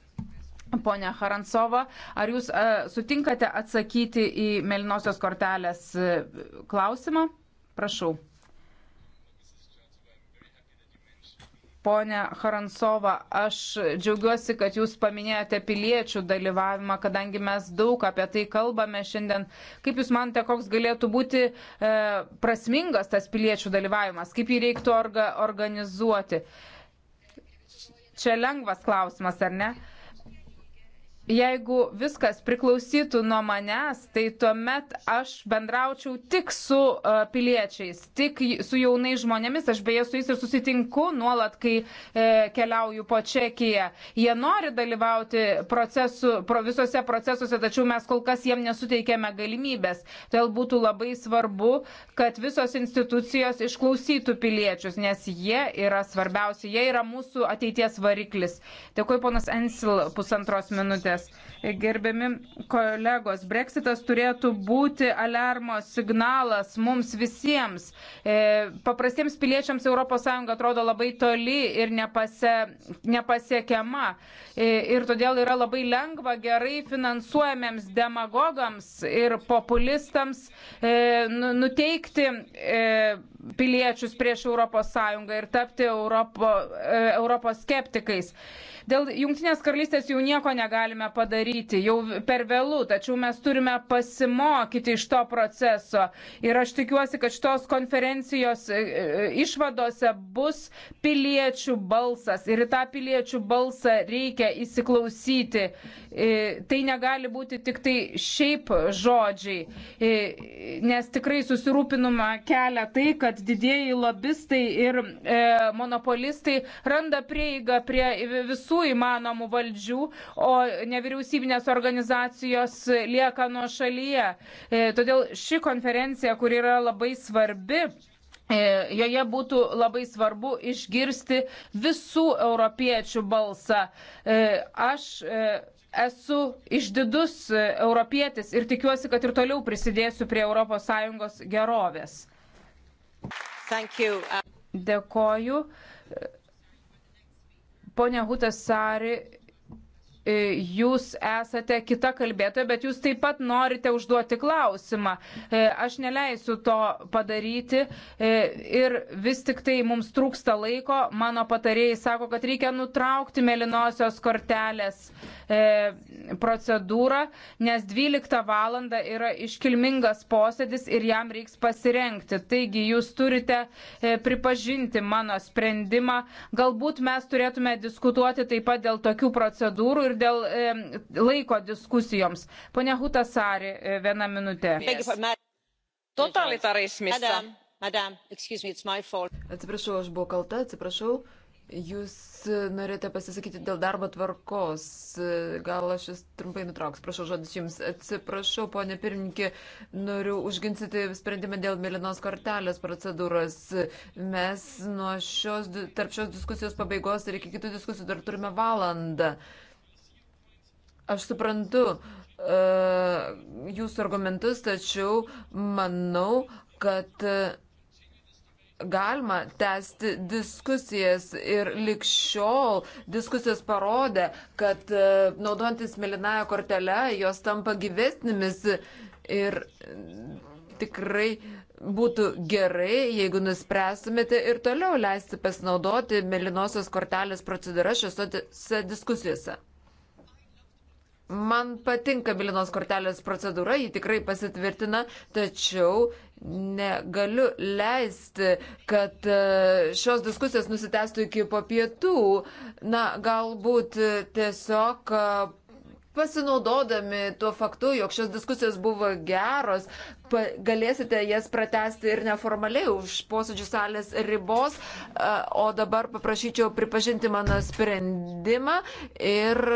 Pone Harantsova, ar jūs a, e, sutinkate atsakyti į Melinosios kortelės e, klausimą? Prašau. Pone Harantsova, aš džiaugiuosi, kad jūs paminėjote piliečių dalyvavimą, kadangi mes daug apie tai kalbame šiandien. Kaip jūs manote, koks galėtų būti e, prasmingas tas piliečių dalyvavimas, kaip jį reiktų orga, organizuoti? Čia lengvas klausimas, ar ne? E, jeigu viskas priklausytų nuo manęs, tai tuomet aš bendraučiau tik su uh, piliečiais, tik su jaunais žmonėmis. Aš beje su jais ir susitinku nuolat, kai e, keliauju po Čekiją. Jie nori dalyvauti procesu, pro visose procesuose, tačiau mes kol kas jiem nesuteikėme galimybės. Todėl būtų labai svarbu, kad visos institucijos išklausytų piliečius, nes jie yra svarbiausi, jie yra mūsų ateities variklis. Dėkui, ponas Ensil, pusantros minutės pusės. Gerbiami kolegos, breksitas turėtų būti alarmo signalas mums visiems. E, paprastiems piliečiams ES atrodo labai toli ir nepase, nepasiekiama. E, ir todėl yra labai lengva gerai finansuojamiems demagogams ir populistams e, nu, nuteikti piliečius prieš ES ir tapti Europo, e, Europos skeptikais. Dėl Junktinės karalystės jau nieko negalime padaryti, jau per vėlų, tačiau mes turime pasimokyti iš to proceso. Ir aš tikiuosi, kad šitos konferencijos e, e, išvadose bus piliečių balsas ir į tą piliečių balsą reikia įsiklausyti. Tai negali būti tik tai šiaip žodžiai, nes tikrai susirūpinumą kelia tai, kad kad didieji lobistai ir e, monopolistai randa prieigą prie visų įmanomų valdžių, o nevyriausybinės organizacijos lieka nuo šalyje. E, todėl ši konferencija, kur yra labai svarbi, e, Joje būtų labai svarbu išgirsti visų europiečių balsą. E, aš e, esu išdidus europietis ir tikiuosi, kad ir toliau prisidėsiu prie ES gerovės. Uh, Dėkoju. Pone Hutasari, E, jūs esate kita kalbėtoja, bet jūs taip pat norite užduoti klausimą. E, aš neleisiu to padaryti e, ir vis tik tai mums trūksta laiko. Mano patarėjai sako, kad reikia nutraukti mėlynosios kortelės procedūrą, nes 12 val. yra iškilmingas posėdis ir jam reiks pasirenkti. Taigi jūs turite pripažinti mano sprendimą. Galbūt mes turėtume diskutuoti taip pat dėl tokių procedūrų ir ir dėl e, laiko diskusijoms. Pone Hutasari, e, viena minutė. Totalitarismissa. Atsiprašau, aš buvau kalta, atsiprašau. Jūs e, norite pasisakyti dėl darbo tvarkos. E, gal aš jūs trumpai nutrauks. Prašau, žodis jums. Atsiprašau, ponė pirmininkė, noriu užginsyti sprendimą dėl mėlynos kortelės procedūros. Mes nuo šios, tarp šios diskusijos pabaigos ir iki kitų diskusijų dar turime valandą. Uh, Aš suprantu uh, jūsų argumentus, tačiau manau, kad e, galima tęsti diskusijas ir likščiol diskusijos parodė, kad uh, naudojantis melinąją kortelę jos tampa gyvesnėmis ir tikrai būtų gerai, jeigu nuspręstumėte ir toliau leisti pasinaudoti melinosios kortelės procedūrą šiose diskusijose. Man patinka Bilinos kortelės procedūra, ji tikrai pasitvirtina, tačiau negaliu leisti, kad e, šios diskusijos nusitęstų iki popietų. Na, galbūt e, tiesiog e, pasinaudodami tuo faktu, jog šios diskusijos buvo geros, galėsite jas pratesti ir neformaliai už posėdžių salės ribos. O dabar paprašyčiau pripažinti mano sprendimą ir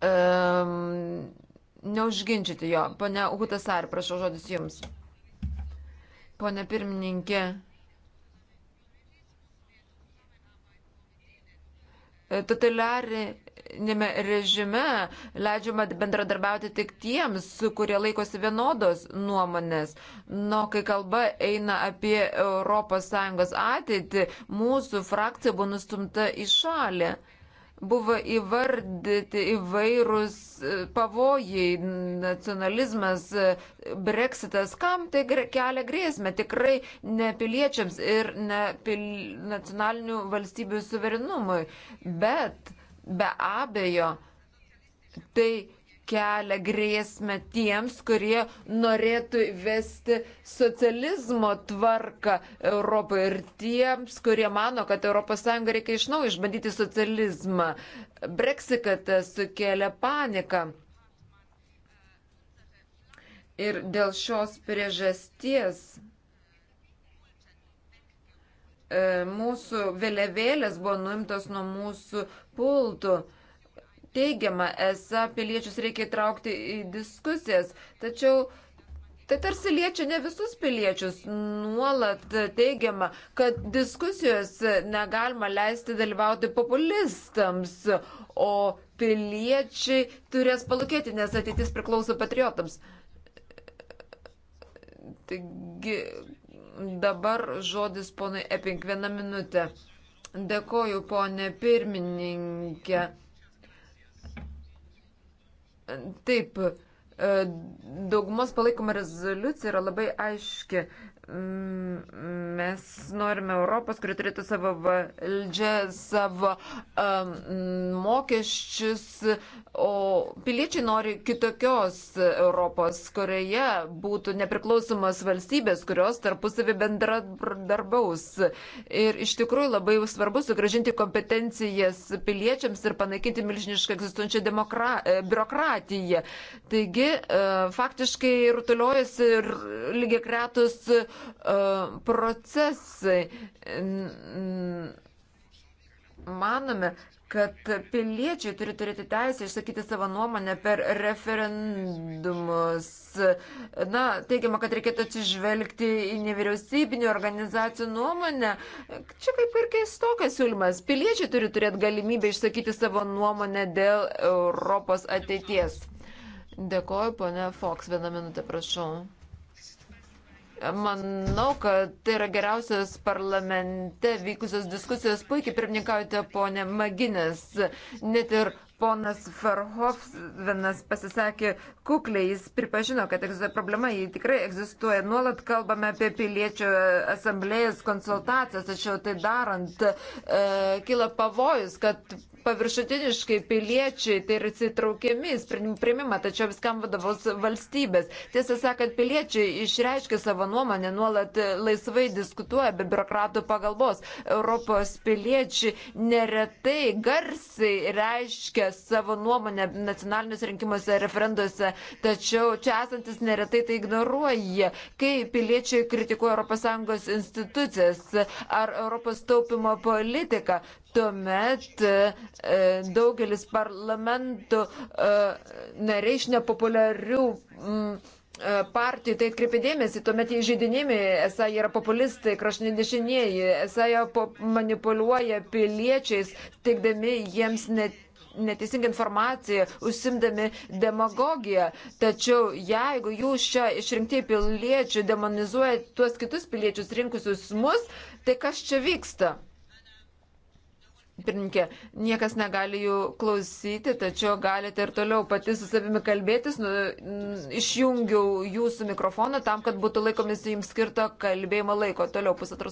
um, neužginčyti jo. Pone Hutasar, prašau žodis jums. Pone pirmininkė. Totalitarinėme režime leidžiama bendradarbiauti tik tiems, kurie laikosi vienodos nuomonės. Nuo kai kalba eina apie ES ateitį, mūsų frakcija buvo nustumta į šalį buvo įvardyti įvairūs e, pavojai, nacionalizmas, e, breksitas, kam tai kelia grėsmę tikrai ne piliečiams ir ne pil... nacionalinių valstybių suverenumui. Bet be abejo, tai kelia grėsmę tiems, kurie norėtų įvesti socializmo tvarką Europoje ir tiems, kurie mano, kad ES reikia iš naujo išbandyti socializmą. Brexikatas sukėlė paniką. Ir dėl šios priežasties e, mūsų vėliavėlės buvo nuimtos nuo mūsų pultų teigiama, esą piliečius reikia įtraukti į diskusijas, tačiau tai tarsi liečia ne visus piliečius. Nuolat teigiama, kad diskusijos negalima leisti dalyvauti populistams, o piliečiai turės palūkėti, nes ateitis priklauso patriotams. Taigi dabar žodis ponui Epink vieną minutę. Dėkoju, ponė pirmininkė. Taip, E, daugumos palaikoma rezoliucija yra labai aiški. Mm, mes norime Europos, kuri turėtų savo valdžią, savo um, mokesčius, o piliečiai nori kitokios Europos, kurioje būtų nepriklausomas valstybės, kurios tarpusavį bendradarbaus. Ir iš tikrųjų labai svarbu sugražinti kompetencijas piliečiams ir panaikinti milžinišką egzistuojančią biurokratiją. Taigi, Taigi, e, faktiškai rutuliojasi ir lygiai kretus e, procesai. Manome, kad piliečiai turi turėti teisę išsakyti savo nuomonę per referendumus. Na, teigiama, kad reikėtų atsižvelgti į nevyriausybinio organizacijų nuomonę. Čia kaip ir keistokas siūlymas. Piliečiai turi turėti galimybę išsakyti savo nuomonę dėl Europos ateities. Dėkoju, ponė Fox, vieną minutę prašau. Manau, kad tai yra geriausios parlamente vykusios diskusijos. Puikiai pirmininkaujate, ponė Maginės. Net ir ponas Verhofvenas pasisakė kukliai, jis pripažino, kad egzistuoja problema, jį tikrai egzistuoja. Nuolat kalbame apie piliečių asamblėjas konsultacijas, tačiau tai darant e, kyla pavojus, kad paviršutiniškai piliečiai tai ir atsitraukiami sprendimų primimą, tačiau viskam vadovaus valstybės. Tiesą sakant, piliečiai išreiškia savo nuomonę, nuolat e, laisvai diskutuoja be biurokratų pagalbos. Europos piliečiai neretai garsiai reiškia savo nuomonę nacionaliniuose rinkimuose, referenduose, tačiau čia esantis neretai tai ignoruoja. Kai piliečiai kritikuoja ES institucijas ar Europos taupimo politiką, tuomet e, e, daugelis parlamentų e, nariai iš nepopuliarių mm, partijų tai atkreipė dėmesį, tuomet jie žaidinimi, esą jie yra populistai, kraštiniai dešinieji, esą jie manipuliuoja piliečiais, teikdami jiems net neteisingą informaciją, užsimdami demagogiją. Tačiau jeigu jūs čia išrinktieji piliečių demonizuojate tuos kitus piliečius rinkusius mus, tai kas čia vyksta? pirmininkė, niekas negali jų klausyti, tačiau galite ir toliau pati su savimi kalbėtis. Nu, išjungiau jūsų mikrofoną tam, kad būtų laikomis jums skirto kalbėjimo laiko. Toliau pusantros.